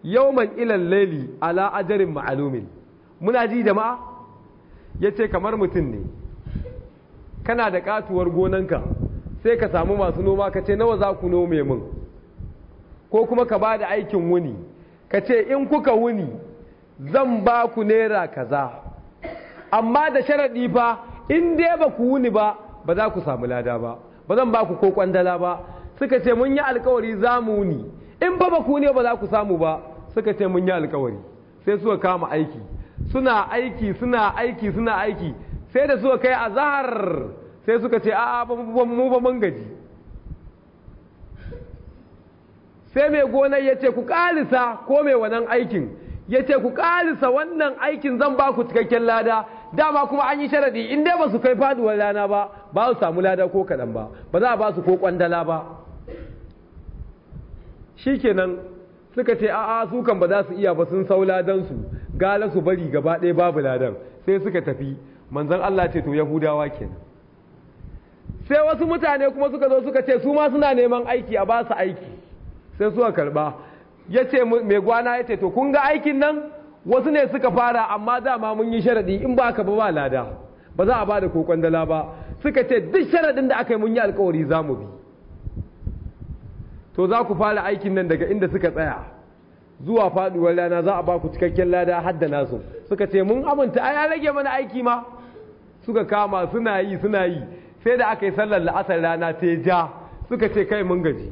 yawman ila al-layli ala ajrin ma'lumin muna ji jama'a yace kamar mutum ne kana da katuwar gonanka sai ka samu masu noma ka ce nawa za ku nome min ko kuma ka ba da aikin wuni ka ce in kuka wuni zan ba ku naira kaza amma da sharaɗi fa in dai ba ku wuni ba ba za ku samu lada ba ba zan ba ku ko kwandala ba suka ce mun yi alkawari za mu wuni in ba ba ku ne ba za ku samu ba suka ce mun yi alkawari sai suka kama aiki suna aiki suna aiki suna aiki sai da suka kai azhar sai suka ce a'a mu ba mun gaji sai mai gonar ya ce ku kalisa ko mai wannan aikin ya ce ku kalisa wannan aikin zan ba ku cikakken lada dama kuma an yi sharaɗi in dai ba su kai faduwar rana ba ba su samu lada ko kaɗan ba ba za a ba su ko ƙwandala ba shi kenan suka ce a'a su kan ba za su iya ba sun sau ladansu gala su bari gaba ɗaya babu ladan sai suka tafi manzon Allah ce to yahudawa nan sai wasu mutane kuma suka zo suka ce su ma suna neman aiki a basu aiki sai suka karba yace mai gwana yace to kun ga aikin nan wasu ne suka fara amma dama mun yi sharadi in ba ka ba ba lada ba za a ba da kokon dala ba suka ce duk sharaɗin da aka yi mun yi alkawari za mu bi to za ku fara aikin nan daga inda suka tsaya zuwa faɗuwar rana za a ba ku cikakken lada har da nasu suka ce mun aminta ai an rage mana aiki ma suka kama suna yi suna yi sai da aka yi sallar la'asar rana ta ja suka ce kai mun gaji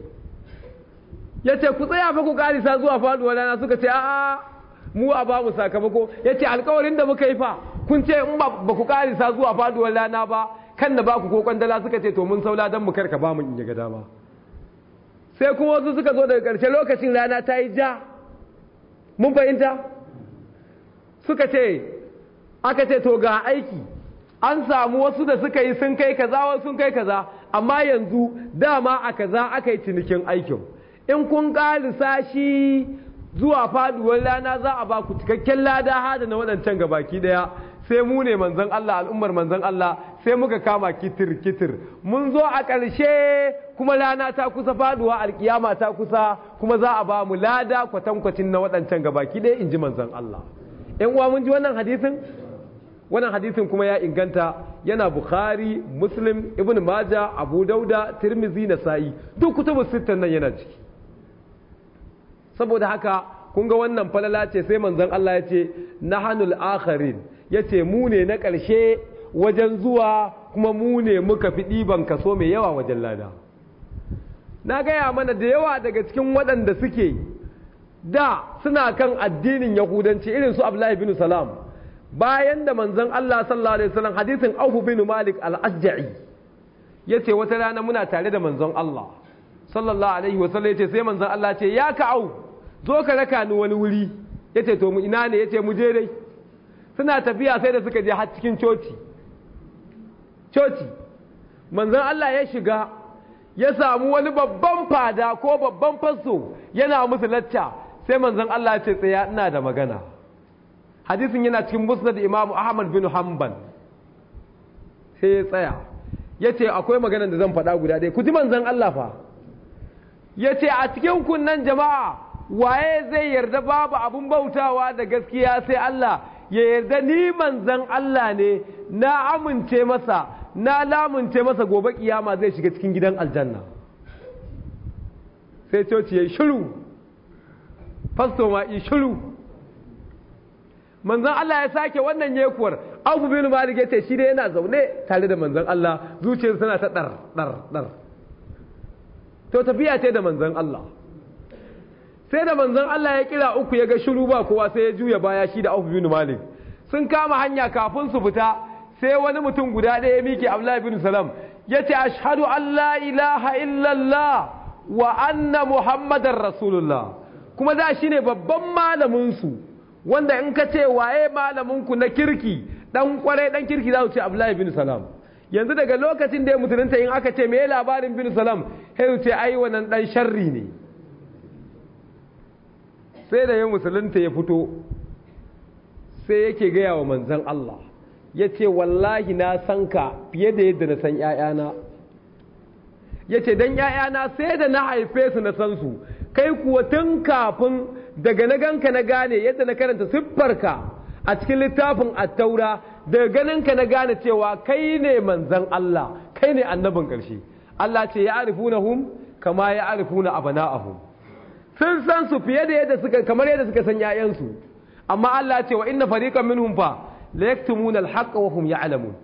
ya ce ku tsaya fa ku karisa zuwa faduwa rana suka ce a'a mu a ba mu sakamako ya ce alkawarin da muka yi fa kun ce in ba ku karisa zuwa faduwa rana ba kan da ba ku ko kwandala suka ce to mun saula don mu karka ba mu in ga dama sai kuma wasu suka zo daga ƙarshe lokacin rana ta yi ja mun fahimta suka ce aka ce to ga aiki an samu wasu da suka yi sun kai kaza wasu sun kai kaza amma yanzu dama a kaza aka yi cinikin aikin in kun ƙalisa lissashi zuwa faduwar rana za a ba ku cikakken lada hada na waɗancan gabaki ɗaya sai mu ne manzon Allah al'ummar manzon Allah sai muka kama kitir kitir mun zo a ƙarshe kuma rana ta kusa faduwa alkiyama ta kusa kuma za a ba mu lada kwatankwacin na waɗancan gabaki ɗaya in ji manzon Allah ƴan uwa mun ji wannan hadisin wannan hadisin kuma ya inganta yana bukhari muslim ibn maja abu dauda tirmizi nasa'i duk kutubu sittan nan yana ciki saboda haka kun ga wannan falala ce sai manzon Allah ya ce nahanul akharin ya ce mu ne na karshe wajen zuwa kuma mu ne muka fi ɗiban kaso mai yawa wajen lada na gaya mana da yawa daga cikin waɗanda suke da suna kan addinin yahudanci irin su abdullahi bin salam bayan da manzon Allah sallallahu alaihi wasallam hadisin Auf bin Malik al ajjai yace wata rana muna tare da manzon Allah sallallahu alaihi wasallam yace sai manzon Allah yace ya ka au zo ka raka ni wani wuri yace to mu ina ne yace mu je dai suna tafiya sai da suka je har cikin coci coci manzon Allah ya shiga ya samu wani babban fada ko babban fasso yana musu lacca sai manzon Allah ya ce tsaya ina da magana hadisin yana cikin musnad imamu ahmad bin hanbal sai ya tsaya ya ce akwai maganar da zan faɗa guda ɗaya ku ji manzan Allah fa ya ce a cikin kunnan jama'a waye zai yarda babu abun bautawa da gaskiya sai Allah ya yarda ni manzan Allah ne na amince masa na lamunce masa gobe kiyama zai shiga cikin gidan aljanna sai coci ya yi shiru fasto ma yi shiru manzon Allah ya sake wannan yekuwar Abu bin Malik yace shi da yana zaune tare da manzon Allah zuciyar tana ta dar dar dar to tafiya ce da manzon Allah sai da manzon Allah ya kira uku ya ga shiru ba kowa sai ya juya baya shi da Abu bin Malik sun kama hanya kafin su fita sai wani mutum guda ɗaya ya miƙe Abdullahi bin Salam yace ashhadu an la ilaha illallah wa anna muhammadar rasulullah kuma da shine babban malamin su wanda in ka ce waye malaminku na kirki dan kware dan kirki za su ce Abdullahi bin Salam yanzu daga lokacin da ya mutunta in aka ce meye labarin bin Salam sai su ce ai wannan dan sharri ne sai da ya musulunta ya fito sai yake gaya wa manzon Allah ya ce wallahi na san ka fiye da yadda na san ‘ya'yana ya ce don ‘ya'yana sai da na haife su na san su kai kuwa tun kafin daga na ganka na gane yadda na karanta siffarka a cikin littafin attaura daga ganinka na gane cewa kai ne manzan Allah kai ne annabin ƙarshe Allah ce ya hum kama ya arifuna hum. sun san su fiye da yadda suka kamar yadda suka san yayansu amma Allah ce wa inna fariqan minhum fa la yaktumuna al-haqqa wa hum ya'lamun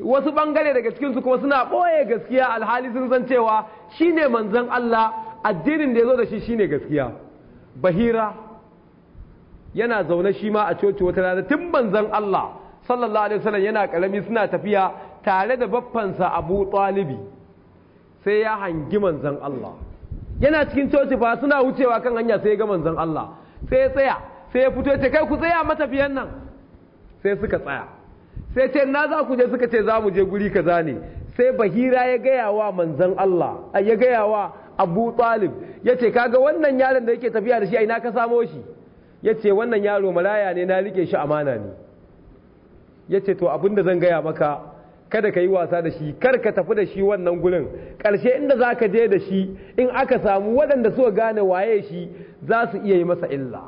wasu bangare daga cikin su kuma suna boye gaskiya alhali sun san cewa shine manzon Allah addinin da yazo da shi shine gaskiya bahira yana zaune shi ma a coci wata rana tun banzan Allah sallallahu alaihi wasallam yana karami suna tafiya tare da baffansa Abu Talibi sai ya hangi manzan Allah yana cikin coci fa suna wucewa kan hanya sai ya ga manzan Allah sai ya tsaya sai ya fito ce kai ku tsaya matafiyan nan sai suka tsaya sai ce na za ku je suka ce za mu je guri kaza ne sai bahira ya gaya wa manzan Allah ya gaya wa Abu Talib ya ce kaga wannan yaron da yake tafiya da shi a ina ka samo shi ya ce wannan yaro malaya ne na rike shi amana ne ya ce to abinda zan gaya maka kada ka yi wasa da shi kar ka tafi da shi wannan gurin ƙarshe inda za ka je da shi in aka samu waɗanda suka gane waye shi za su iya yi masa illa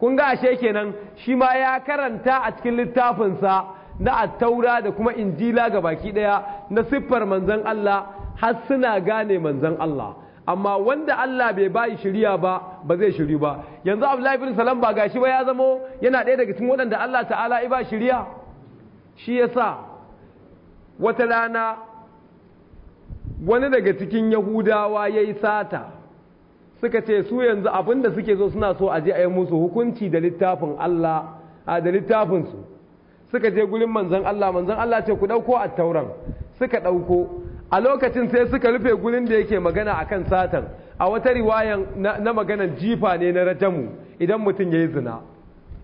kun ga ashe kenan shi ma ya karanta a cikin littafinsa na attaura da kuma injila ga baki ɗaya na siffar manzon Allah har suna gane manzon Allah amma wanda Allah bai bayi shirya ba ba zai shiri ba yanzu Abdullahi bin Salam ba gashi ba ya zamo yana ɗaya daga cikin waɗanda Allah ta'ala ya ba shiriya shi yasa wata rana wani daga cikin Yahudawa yayi sata suka ce su yanzu abinda suke so suna so a je a yi musu hukunci da littafin Allah a da littafin su suka je gurin manzon Allah manzon Allah ce ku ɗauko a tauran suka ɗauko. a lokacin sai suka rufe gurin da yake magana a kan satan a wata riwayan na maganan jifa ne na rajamu idan mutum ya yi zina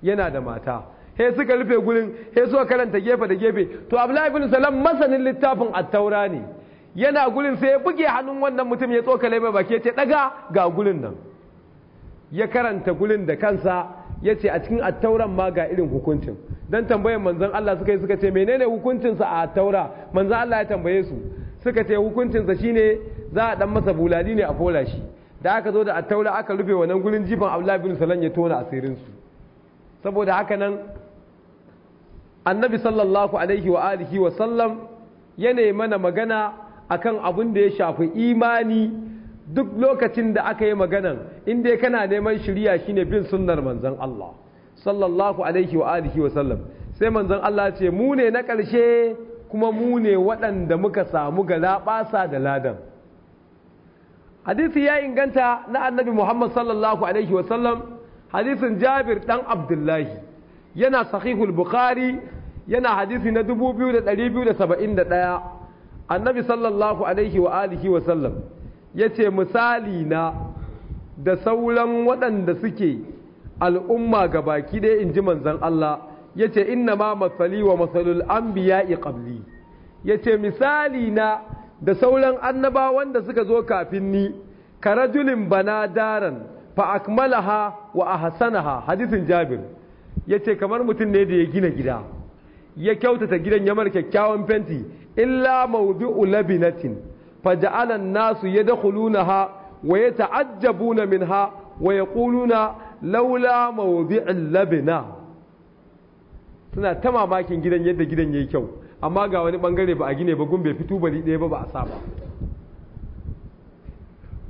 yana da mata he suka rufe gurin he suka karanta gefe da gefe to abdullahi ibn salam masanin littafin at-taura ne yana gurin sai ya buge hannun wannan mutum ya tsokale mai baki ya daga ga gurin nan ya karanta gurin da kansa ya ce a cikin attauran ma ga irin hukuncin don tambayar manzan Allah suka yi suka ce menene hukuncinsa a attaura manzan Allah ya tambaye su suka ce hukuncinsa shine za a ɗan masa bulali ne a fola shi da aka zo da attaula aka rufe wa wannan gurin jifan abdullahi bin Salam ya tona asirinsu saboda haka nan annabi sallallahu alaihi wa alihi wa sallam ya mana magana a kan abin da ya shafi imani duk lokacin da aka yi maganan inda kana neman shirya shine bin sunnar manzon Allah sallallahu alaihi wa alihi wa sallam sai manzon Allah ce mu ne na ƙarshe kuma mu ne waɗanda muka samu galaɓasa da ladan hadisi ya inganta na annabi muhammad sallallahu alaihi wasallam hadisin jabir ɗan abdullahi yana sahihul bukhari yana hadisi na 2271 annabi sallallahu alaihi wa alihi wasallam ya ce misali na da sauran waɗanda suke al'umma ga baki ɗaya in ji manzan Allah yace inna ma matsali wa masalul anbiya'i qabli yace misali na da sauran annabawan da suka zo kafin ni karajulin bana daran fa akmalaha wa hasanaha hadisin jabir yace kamar mutum ne da ya gina gida ya kyautata gidan ya mar kyakkyawan fenti illa mawdu'u labinatin fa ja'ala an-nasu yadkhulunaha wa yata'ajjabuna minha wa na laula mawdi'u labina suna ta mamakin gidan yadda gidan ya yi kyau amma ga wani bangare ba a gine ba gumbe fito bari ɗaya ba ba a saba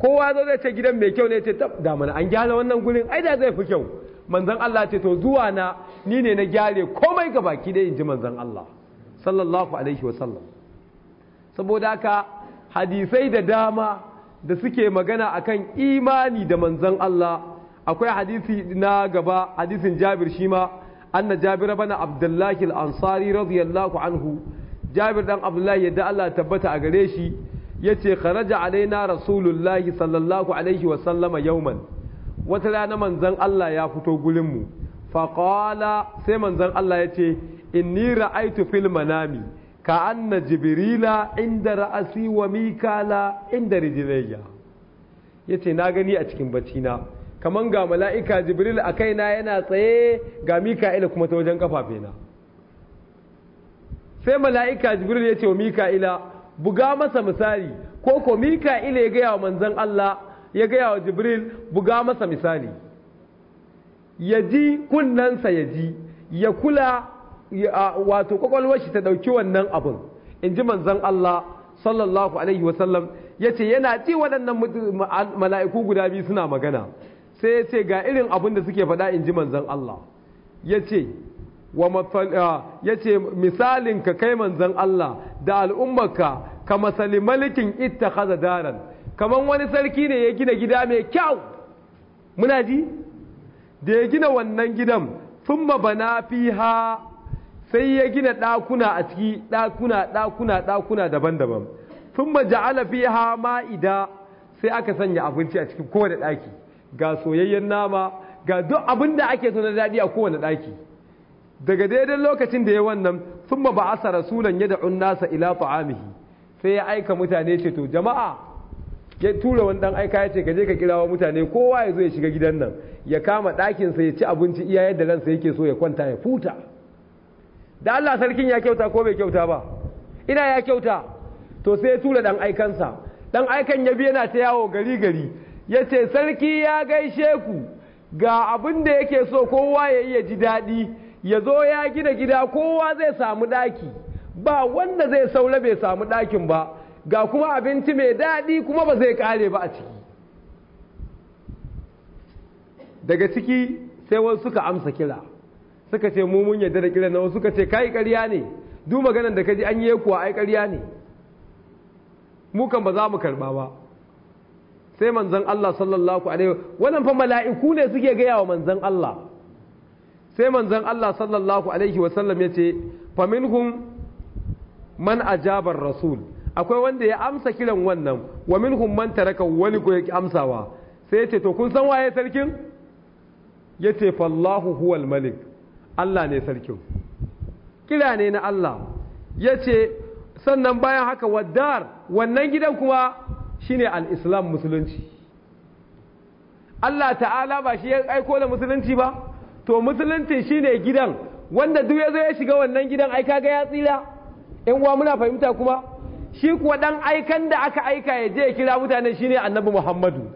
kowa zo zai ce gidan mai kyau ne ce ta da an gyara wannan gurin ai da zai fi kyau manzon Allah ce to zuwa na ni ne na gyare komai ga baki dai ji manzan Allah sallallahu alaihi wa sallam saboda haka hadisai da dama da suke magana akan imani da manzon Allah akwai hadisi na gaba hadisin Jabir shi ma anna jabir bana abdullahi al-ansari radiyallahu anhu jabir dan abdullahi yadda Allah tabbata a gare shi yace kharaja alaina rasulullahi sallallahu alaihi wa sallama yawman wata rana manzon Allah ya fito gurin mu fa qala sai manzon Allah yace inni ra'aitu fil manami ka anna jibrila inda ra'asi wa mikala inda rijlayya yace na gani a cikin bacci na kamar ga mala'ika jibril a kaina yana tsaye ga mika'ila kuma ta wajen kafafena sai mala'ika jibril ya ce wa mika'ila buga masa misali ko ko mika'ila ya gaya wa manzan Allah ya gaya wa jibril buga masa misali ya ji kunnansa ya ji ya kula wato kwakwalwa shi ta ɗauki wannan abin in ji manzan Allah sallallahu alaihi wasallam ya ce yana ci waɗannan mala'iku guda biyu suna magana sai ya ce ga irin abin da suke faɗa in ji manzan Allah ya ce ah, ya ce misalin ka kai manzan Allah da al'ummarka ka masali malikin ita haza daren kamar wani sarki ne ya gina gida mai kyau muna ji da ya gina wannan gidan sun bana fi ha sai ya gina ɗakuna a ciki ɗakuna ɗakuna ɗakuna daban-daban sun ja'ala fi ha ma'ida sai aka sanya abinci a cikin kowane ɗaki ga soyayyen nama ga duk abin da ake so na daɗi a kowane ɗaki daga daidai lokacin da ya wannan sun ba asa rasulan ya da'un nasa ila ta'amihi sai ya aika mutane ce to jama'a ya tura wani ɗan aika ya ce ka je ka kirawa mutane kowa ya zo ya shiga gidan nan ya kama ɗakinsa ya ci abinci iya yadda ransa yake so ya kwanta ya futa da Allah sarkin ya kyauta ko bai kyauta ba ina ya kyauta to sai ya tura ɗan aikansa ɗan aikan ya bi yana ta yawo gari gari ya ce sarki ya gaishe ku ga abin da yake so kowa ya iya ji daɗi ya zo ya gina gida kowa zai samu ɗaki ba wanda zai saura bai samu ɗakin ba ga kuma abinci mai daɗi kuma ba zai ƙare ba a ciki daga ciki sai wasu suka amsa kira suka ce mu yadda da kira na wasu suka ce kai ƙarya ne du maganar da ka ji an yi kuwa ai ƙarya ne mu ba za mu karɓa ba sai manzon Allah sallallahu alaihi wannan fa mala'iku ne suke gaya wa manzon Allah sai manzon Allah sallallahu alaihi yace fa minhum man ajaba rasul akwai wanda ya amsa kiran wannan wa minhum man taraka wani ko amsawa sai yace to kun san waye sarkin yace Allahu huwal malik Allah ne sarkin kira ne na Allah yace sannan bayan haka waddar wannan gidan kuma shine al-islam musulunci Allah ta'ala ba shi ya aiko da musulunci ba to musulunci shine gidan wanda duk ya zo ya shiga wannan gidan ai kaga ya tsira in uwa muna fahimta kuma shi kuwa dan aikan da aka aika ya je ya kira mutane shine annabi Muhammadu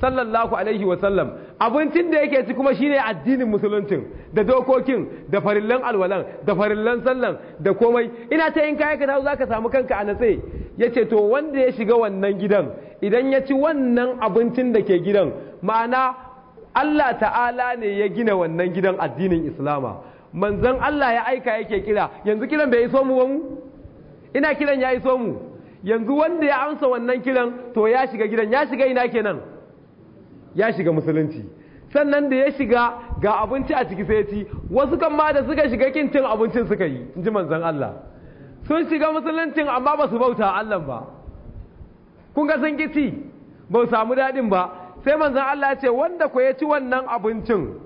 sallallahu alaihi wa sallam abincin da yake ci kuma shine addinin musuluncin da dokokin da farillan alwalan da farillan sallan da komai ina ta yin kayan ka zaka samu kanka a natse ya ce to wanda ya shiga wannan gidan idan ya ci wannan abincin da ke gidan ma'ana Allah ta'ala ne ya gina wannan gidan addinin islama manzan Allah ya aika yake kira yanzu kiran bai iso mu mu ina kiran ya iso mu yanzu wanda ya amsa wannan kiran to ya shiga gidan ya shiga ina kenan ya shiga musulunci sannan da ya shiga ga abinci a ciki sai ya ci wasu kan ma da suka shiga kin cin abincin suka yi in ji manzon Allah sun shiga musuluncin amma ba su bauta Allah ba kun ga sun kici ba su samu daɗin ba sai manzon Allah ya ce wanda ku ya ci wannan abincin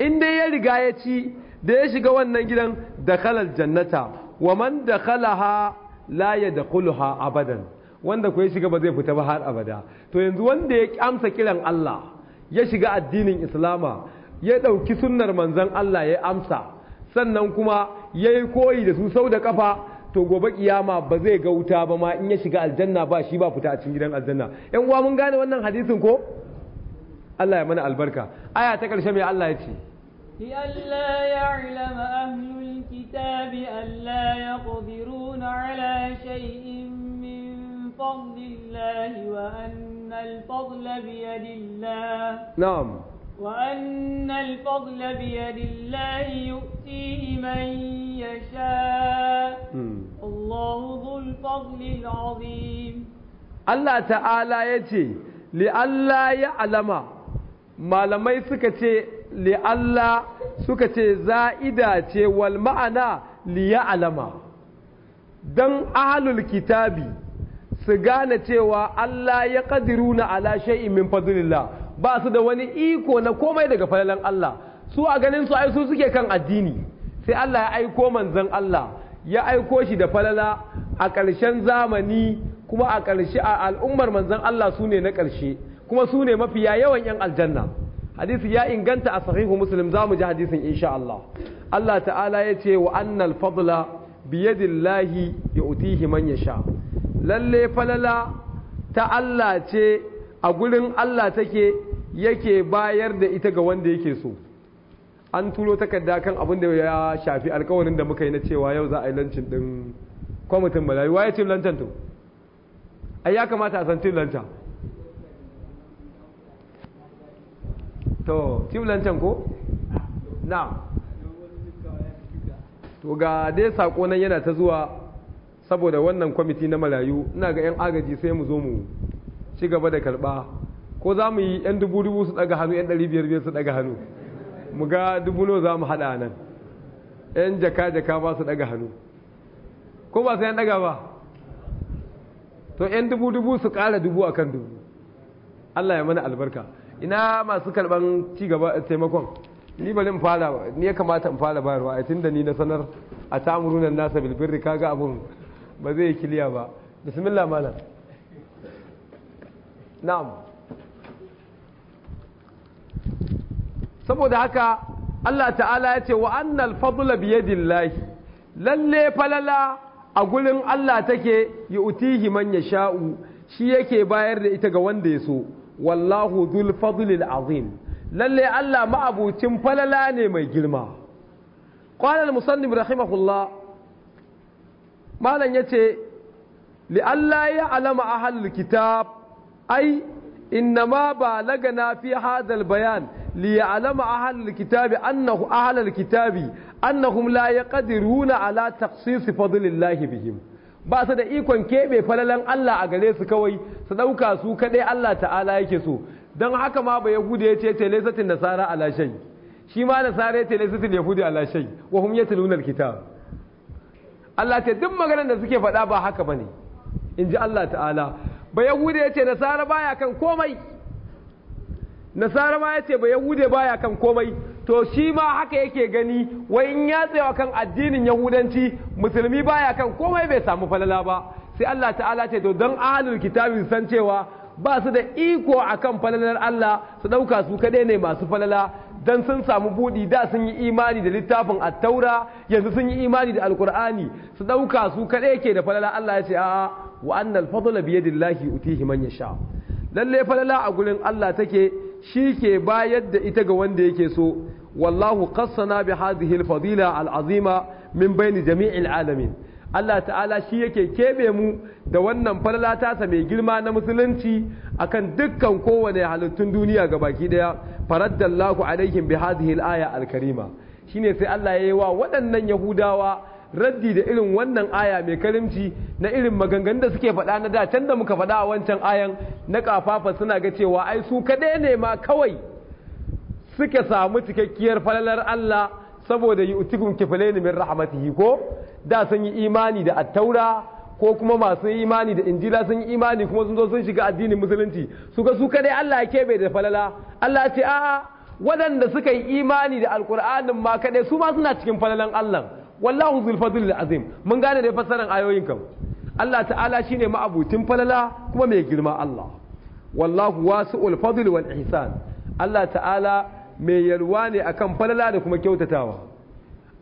in dai ya riga ya ci da ya shiga wannan gidan da kalar jannata wa man da kalaha la ya abadan wanda ku ya shiga ba zai fita ba har abada to yanzu wanda ya amsa kiran Allah ya shiga addinin islama ya ɗauki sunnar manzon Allah ya amsa sannan kuma ya yi koyi da su sau da kafa to gobe kiyama ba zai ga wuta ba ma in ya shiga aljanna ba shi ba fita a cikin gidan aljanna yan uwa mun gane wannan hadisin ko Allah ya mana albarka aya ta karshe mai Allah ya ce لئلا وأن الفضل بيد الله يؤتيه من يشاء الله ذو الفضل العظيم الله تعالى يتي لألا يعلم ما لم يسكتي لألا سكتي زائدة والمعنى ليعلم don ahalul kitabi su gane cewa Allah ya ƙadiruna ala shay'in min fadlillah ba su da wani iko na komai daga falalan Allah su a ganin su ai su suke kan addini sai Allah ya aiko manzon Allah ya aiko shi da falala a ƙarshen zamani kuma a ƙarshe a al'ummar manzon Allah su ne na ƙarshe kuma su ne mafiya yawan 'yan aljanna hadisi ya inganta a sahihu muslim za mu ji hadisin insha Allah Allah ta'ala ya ce wa annal fadla biyadillahi yu'tihi man sha. lalle falala ta Allah ce a gurin Allah take yake bayar da ita ga wanda yake so an turo takarda kan abin da ya shafi alkawarin da muka yi na cewa yau za a yi lancin din kwamitin malawi waye cin lantan to ai ya kamata a san cin lanta to cin lantan ko na to ga dai sako nan yana ta zuwa saboda wannan kwamiti na malayu ina ga 'yan agaji sai mu zo mu ci gaba da karba ko za mu yi 'yan dubu dubu su daga hannu 'yan ɗari biyar biyar su daga hannu mu ga dubu nawa za mu haɗa nan 'yan jaka jaka ba su daga hannu ko ba su 'yan daga ba to 'yan dubu dubu su ƙara dubu akan dubu Allah ya mana albarka ina masu karɓar ci gaba taimakon ni bari in fara ni ya kamata in fara bayarwa a tunda ni na sanar a tamurunan nasa bilbirri kaga abun ba zai kiliya ba bismillah malam na'am saboda haka Allah ta'ala ya ce wa annal fadla biyadillahi lalle falala a gurin Allah take yu'tihi man sha'u, shi yake bayar da ita ga wanda ya so wallahu dhul fadlil azim lalle Allah ma'abucin falala ne mai girma qala al rahimahullah malan yace li alama a ahlul kitab ai إنما بالغنا في هذا البيان ليعلم أهل الكتاب أنه أهل الكتاب أنهم لا يقدرون على تخصيص فضل الله بهم ba su da ikon keɓe falalan Allah a gare su kawai su ɗauka su kaɗai Allah ta'ala yake so don haka ma ba yahudu ya ce telesatin nasara ala shai shi ma nasara ya telesatin yahudu ala shai wa hum yatluna kita. Allah ce duk maganar da suke faɗa ba haka ba ne. in ji Allah ta'ala ba yahude ya ce nasara baya kan komai nasara ma ya ce ba yahude baya kan komai to shi ma haka yake gani wai in ya tsayawa kan addinin yahudanci musulmi baya kan komai bai samu falala ba sai Allah ta'ala ce to don ahlul kitabi san cewa ba su da iko akan falalar Allah su dauka su kadai ne masu falala dan sun samu budi da sun yi imani da littafin at-taura yanzu sun yi imani da alkur'ani su ɗauka su kaɗai ke da falala Allah ya ce a wa annal fadla bi yadillahi utihi man yasha lalle falala a gurin Allah take shi ke bayar da ita ga wanda yake so wallahu qassana bi hadhihi al-fadila al-azima min bayni jami'il alamin Allah ta'ala shi yake kebe mu da wannan falala tasa mai girma na musulunci akan dukkan kowane halittun duniya ga baki daya faraddallahu alaihim bi hadhihi al-aya al-karima shine sai Allah ya yi wa waɗannan yahudawa raddi da irin wannan aya mai karimci na irin maganganun da suke faɗa na da can da muka faɗa a wancan ayan na kafafa suna ga cewa ai su kaɗai ne ma kawai suke samu cikakkiyar falalar Allah saboda yu'tikum kifalaini min rahmatihi ko da sun yi imani da attaura ko kuma masu imani da injila sun yi imani kuma sun zo sun shiga addinin musulunci su ga su kadai Allah ya kebe da falala Allah ce a'a waɗanda suka yi imani da alkur'anin ma kaɗai, su ma suna cikin falalan Allah wallahu zul fadlil azim mun gane da fassarar ayoyin kam. Allah ta'ala shine ma'abutin falala kuma mai girma Allah wallahu wasi'ul fadl wal ihsan Allah ta'ala mai yalwa ne akan falala da kuma kyautatawa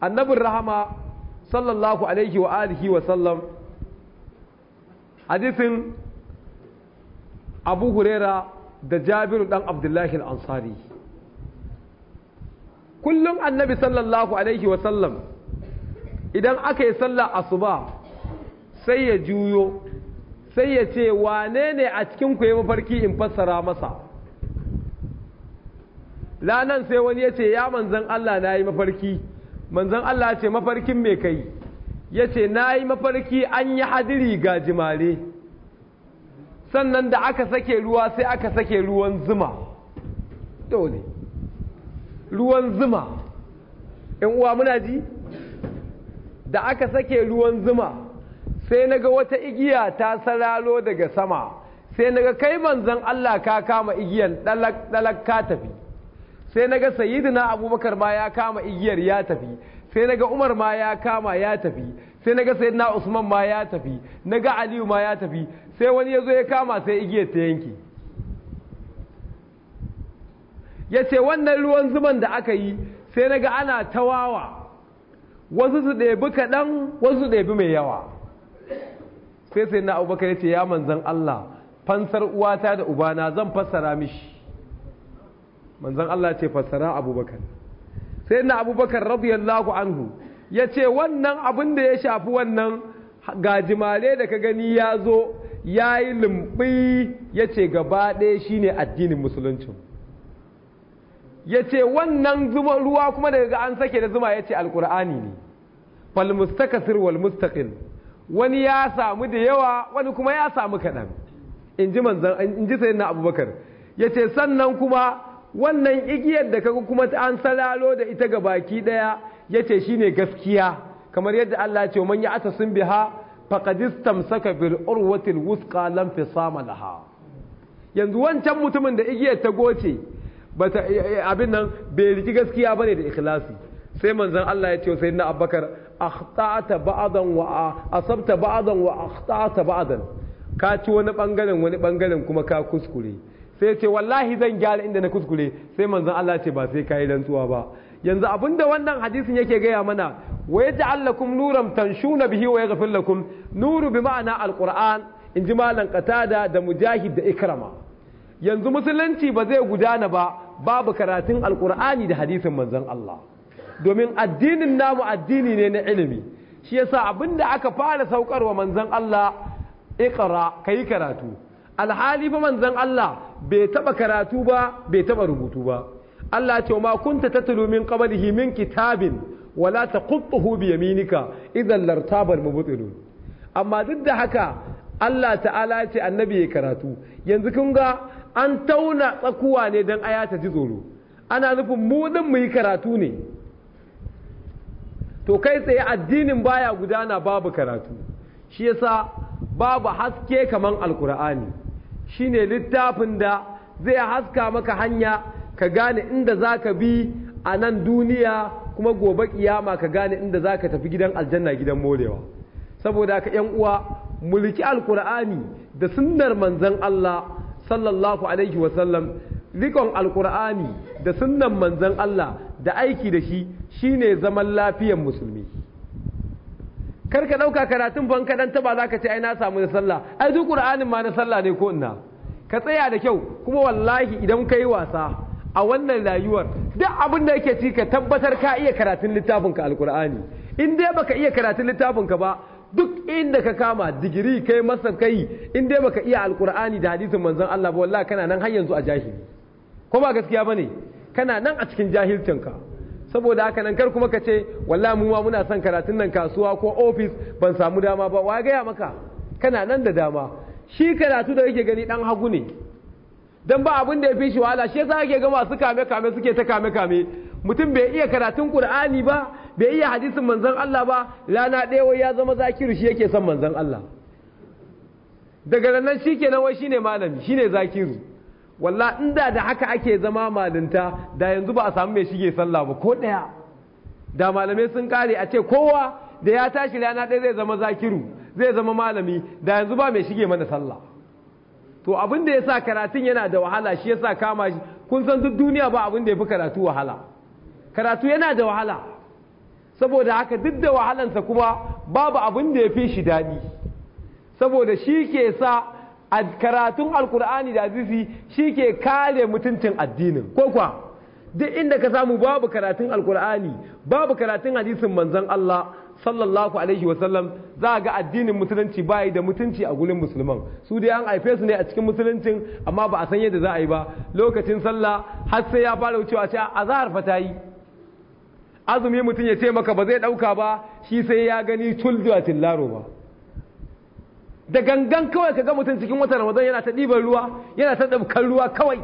annabin rahama sallallahu alaihi wa alihi wa sallam hadisin abu huraira da jabiru dan abdullahi al-ansari kullum annabi sallallahu alaihi wasallam idan aka yi sallah asuba sai ya juyo sai ya ce wane ne a cikin ku ya mafarki in fassara masa lanan sai wani ya ce ya manzan Allah na yi mafarki manzan Allah ce mafarkin me kai ya ce na yi mafarki an yi hadiri ga jimare sannan da aka sake ruwa sai aka sake ruwan zuma dole ruwan zuma in uwa muna ji da aka sake ruwan zuma sai naga wata igiya ta sararo daga sama sai naga kai manzan Allah ka kama igiyan dalak ka tafi sai naga sayyidina abubakar ma ya kama igiyar ya tafi sai naga Umar ma ya kama ya tafi sai naga Sayyidina Usman ma ya tafi naga Aliyu ma ya tafi sai wani ya zo ya kama sai igiyar ta yanke yace wannan ruwan zuman da aka yi sai naga ana tawawa wasu su ɗebi kaɗan wasu su ɗebi mai yawa sai sai na abubakar ya ce ya manzan Allah fansar uwata da ubana zan fassara mishi manzan Allah ce fassara abubakar sai na abubakar radiyallahu anhu ya ce wannan abin da ya shafi wannan gajimare da ka gani ya zo ya yi limbi ya ce gaba ɗaya shi ne addinin musuluncin ya ce wannan zuma ruwa kuma daga an sake da zuma ya ce alkur'ani ne falmustakasir walmustaƙil wani ya samu da yawa wani kuma ya samu kaɗan in ji manzan na abubakar ya ce sannan kuma wannan igiyar da kaga kuma an salalo da ita ga baki daya yace shine gaskiya kamar yadda Allah ya ce man ya atasim biha faqad istamsaka bil urwatil wusqa lam fisama laha yanzu wancan mutumin da igiyar ta goce bata abin nan bai riki gaskiya bane da ikhlasi sai manzon Allah ya ce na Abakar akhta'ata ba'dan wa asabta ba'dan wa akhta'ata ba'dan ka ci wani bangaren wani bangaren kuma ka kuskure sai ce wallahi zan gyara inda na kuskure sai manzon Allah ce ba sai kai rantsuwa ba yanzu abinda wannan hadisin yake gaya mana wa yaj'alukum nuran tanshuna bihi wa yaghfir lakum nuru bi ma'ana alquran inji malan qatada da mujahid da ikrama yanzu musulunci ba zai gudana ba babu karatun alkur'ani da hadisin manzon Allah domin addinin namu addini ne na ilimi shi yasa abinda aka fara saukarwa manzon Allah iqra kai karatu alhali fa manzon Allah bai taba karatu ba bai taba rubutu ba Allah ce ma kunta tatlu min qablihi min kitabin wala taqutuhu bi yaminika idan lartabal mubtilu amma duk da haka Allah ta'ala ce annabi ya karatu yanzu kun ga an tauna tsakuwa ne dan aya ta ji tsoro ana nufin mu din mu yi karatu ne to kai tsaye addinin baya gudana babu karatu shi yasa babu haske kaman alkur'ani Shi ne littafin da zai haska maka hanya ka gane inda za ka bi a nan duniya kuma gobe kiyama ka gane inda za ka tafi gidan aljanna gidan morewa saboda ka yan uwa mulki alkur'ani da sunnar manzan Allah sallallahu alaihi wasallam rikon alkur'ani da sunnan manzan Allah da aiki da shi shine zaman lafiyar musulmi kar ka ɗauka karatun ban kaɗan taba za ka ce ai na samu na sallah ai duk ƙur'anin ma na sallah ne ko ina ka tsaya da kyau kuma wallahi idan ka yi wasa a wannan rayuwar duk abin da yake ci ka tabbatar ka iya karatun littafin ka alƙur'ani in dai baka iya karatun littafin ka ba duk inda ka kama digiri kai masa kai in dai baka iya alƙur'ani da hadisin manzon Allah ba wallahi kana nan har yanzu a jahili ko ba gaskiya bane kana nan a cikin jahilcinka saboda haka nan kar kuma ka ce wallahi mu ma muna son karatun nan kasuwa ko office ban samu dama ba wa gaya maka kana nan da dama shi karatu da kake gani dan hagu ne dan ba abin da ya fi shi wahala shi yasa ake ga masu kame kame suke ta kame kame mutum bai iya karatun qur'ani ba bai iya hadisin manzon Allah ba rana ɗaya wai ya zama zakiru shi yake son manzon Allah daga nan shikenan wai shine malami shine zakiru walla inda da haka ake zama malinta da yanzu ba a samu mai shige sallah ba ko ɗaya da malamai sun kare a ce kowa da ya tashi rana ɗaya zai zama zakiru zai zama malami da yanzu ba mai shige mana sallah to abin da ya sa karatun yana da wahala shi yasa kama shi kun san duk duniya ba abin da ya fi karatu wahala karatu yana da wahala saboda haka duk da wahalansa kuma babu abin da ya fi shi daɗi saboda shi ke sa A karatun alkur'ani da shi ke kare mutuncin addinin ko kwa duk inda ka samu babu karatun alkur'ani babu karatun hadisin manzon Allah sallallahu alaihi wasallam za ga addinin musulunci bayi da mutunci a gurin musulman su dai an haife su ne a cikin musuluncin amma ba a san yadda za a yi ba lokacin sallah har sai ya fara wucewa cewa a fa ta yi azumi mutum ya ce maka ba zai dauka ba shi sai ya gani tuldu a tillaro ba da gangan kawai ka ga mutum cikin watan ramadan yana ta ɗiban ruwa yana ta ɗaukar ruwa kawai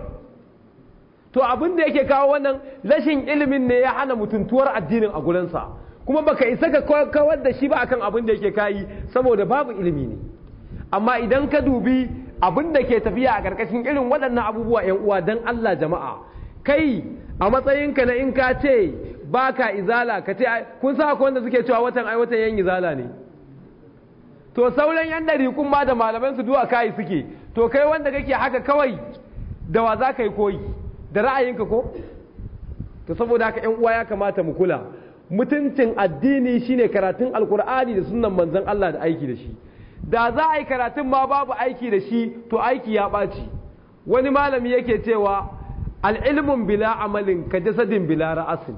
to abin da yake kawo wannan rashin ilimin ne ya hana mutuntuwar addinin a gurinsa kuma baka isa ka kawar da shi ba akan abin da yake kayi saboda babu ilimi ne amma idan ka dubi abin da ke tafiya a ƙarƙashin irin waɗannan abubuwa ‘yan uwa don Allah jama'a kai a matsayinka na in ka ce ba ka izala ka ce kun sa wanda suke cewa watan ai watan yan izala ne to sauran yan ɗari kun ma da malaman su duwa kai suke to kai wanda kake haka kawai da wa za ka yi koyi da ra'ayinka ko to saboda haka yan uwa ya kamata mu kula mutuncin addini shine karatun alkur'ani da sunnan manzon Allah da aiki da shi da za a yi karatun ma babu aiki da shi to aiki ya ɓaci wani malami yake cewa al'ilmun bila amalin ka jasadin bila ra'asin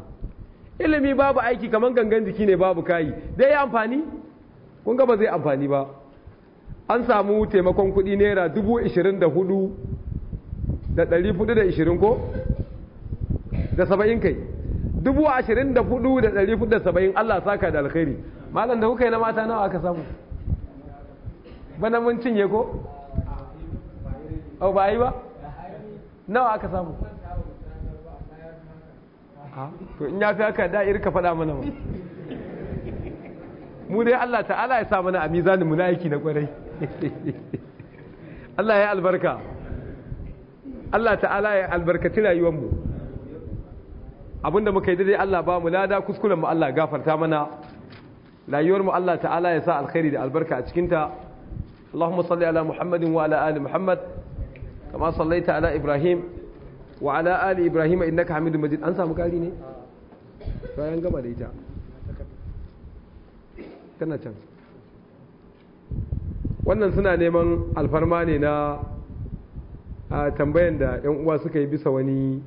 ilimi babu aiki kamar gangan jiki ne babu kayi dai amfani kun ga ba zai amfani ba an samu taimakon kuɗi naira dubu da hudu da ɗari da ko da saba'in kai dubu ashirin da ka da ɗari da saba'in allah da alkhairi malam da kuka yi na mata nawa aka samu bana mun cinye ko au ba yi ba nawa aka samu to in ya fi haka da'ir ka faɗa mana ba mu dai Allah ta'ala ya sa mana a mizanin mu na aiki na kwarai <laughs> Allah ya albarka Allah ta'ala ya albarkaci rayuwar mu abinda muka yi dai Allah ba mu lada kuskuren mu Allah gafarta mana rayuwar mu Allah ta'ala ya sa alkhairi da albarka a cikin ta Allahumma salli ala Muhammadin wa ala ali Muhammad kama sallaita ala Ibrahim wa ala ali Ibrahim innaka Hamidum Majid an samu kari ne bayan gama da ita tana can wannan suna neman alfarma ne na a tambayan da 'yan uwa suka yi bisa wani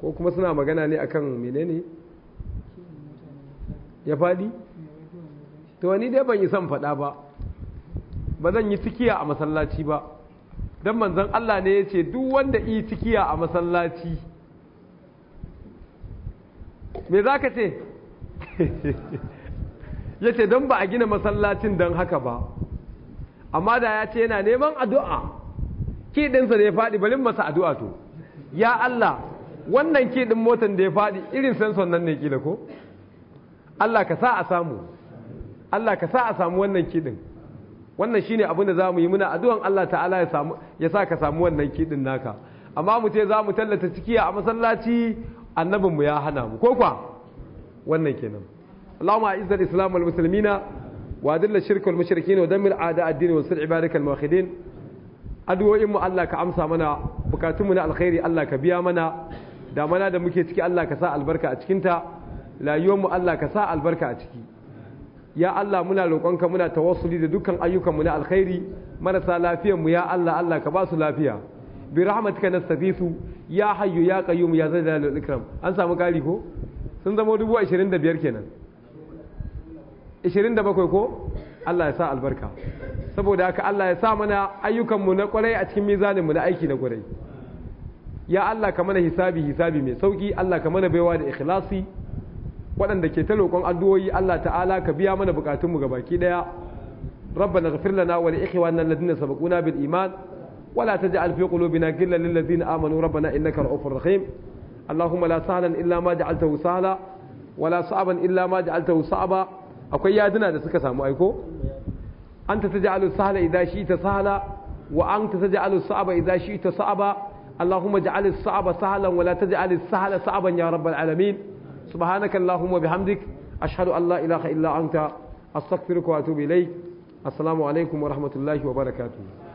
ko kuma suna magana ne akan menene ya faɗi to wani dai ban yi son faɗa ba ba zan yi tikiya a masallaci ba don manzan Allah ne ya ce duk wanda yi tikiya a masallaci me za ka ce <laughs> ya ce don ba a gina masallacin don haka ba amma da ya ce yana neman addu'a kiɗinsa da ya faɗi balin masa addu'a to ya Allah wannan kiɗin motan da ya faɗi irin sanson nan ne kila ko Allah ka sa a samu Allah ka sa a samu wannan kiɗin wannan shine abin da za mu yi muna addu'an Allah ta'ala ya sa ka samu wannan kiɗin naka amma mu ce za mu tallata ciki a masallaci annabinmu ya hana mu ko kwa wannan kenan Allahumma izzil islam wal muslimina wa adilla shirka wal mushrikin wa dammir a'da ad-din wa sul ibadakal muwahhidin addu'o'in mu Allah ka amsa mana bukatun mu na alkhairi Allah ka biya mana da mana da muke ciki Allah ka sa albarka a cikin ta rayuwar mu Allah ka sa albarka a ciki ya Allah muna roƙonka muna tawassuli da dukkan ayyukan mu na alkhairi marasa lafiyar mu ya Allah Allah ka ba su lafiya bi rahmatika nastafisu ya hayyu ya qayyum ya zal ikram an samu kari ko sun zama dubu ashirin da biyar kenan ashirin da bakwai ko Allah ya sa albarka saboda haka Allah ya sa mana ayyukanmu na kwarai a cikin mizaninmu na aiki na kwarai ya Allah ka mana hisabi hisabi mai sauki Allah ka mana baiwa da ikhlasi waɗanda ke ta addu'o'i Allah ta'ala ka biya mana bukatunmu ga baki daya rabbana ghfir lana wa li ikhwana alladhina sabaquna bil iman wala taj'al fi qulubina ghillan lil ladzina amanu rabbana innaka ra'ufur Allahumma la sahlan illa ma ja'altahu sahla wala sa'aban illa ma ja'altahu sa'aba akwai yaduna da suka samu aiko anta taj'alu sahla idza shi'ta sahla wa anta taj'alu sa'aba idza shi'ta sa'aba Allahumma ja'al as-sa'aba sahlan wa la sahla sa'aban ya rabbal alamin subhanaka Allahumma bihamdik ashhadu an la ilaha illa anta astaghfiruka wa atubu ilayk wa rahmatullahi wa barakatu.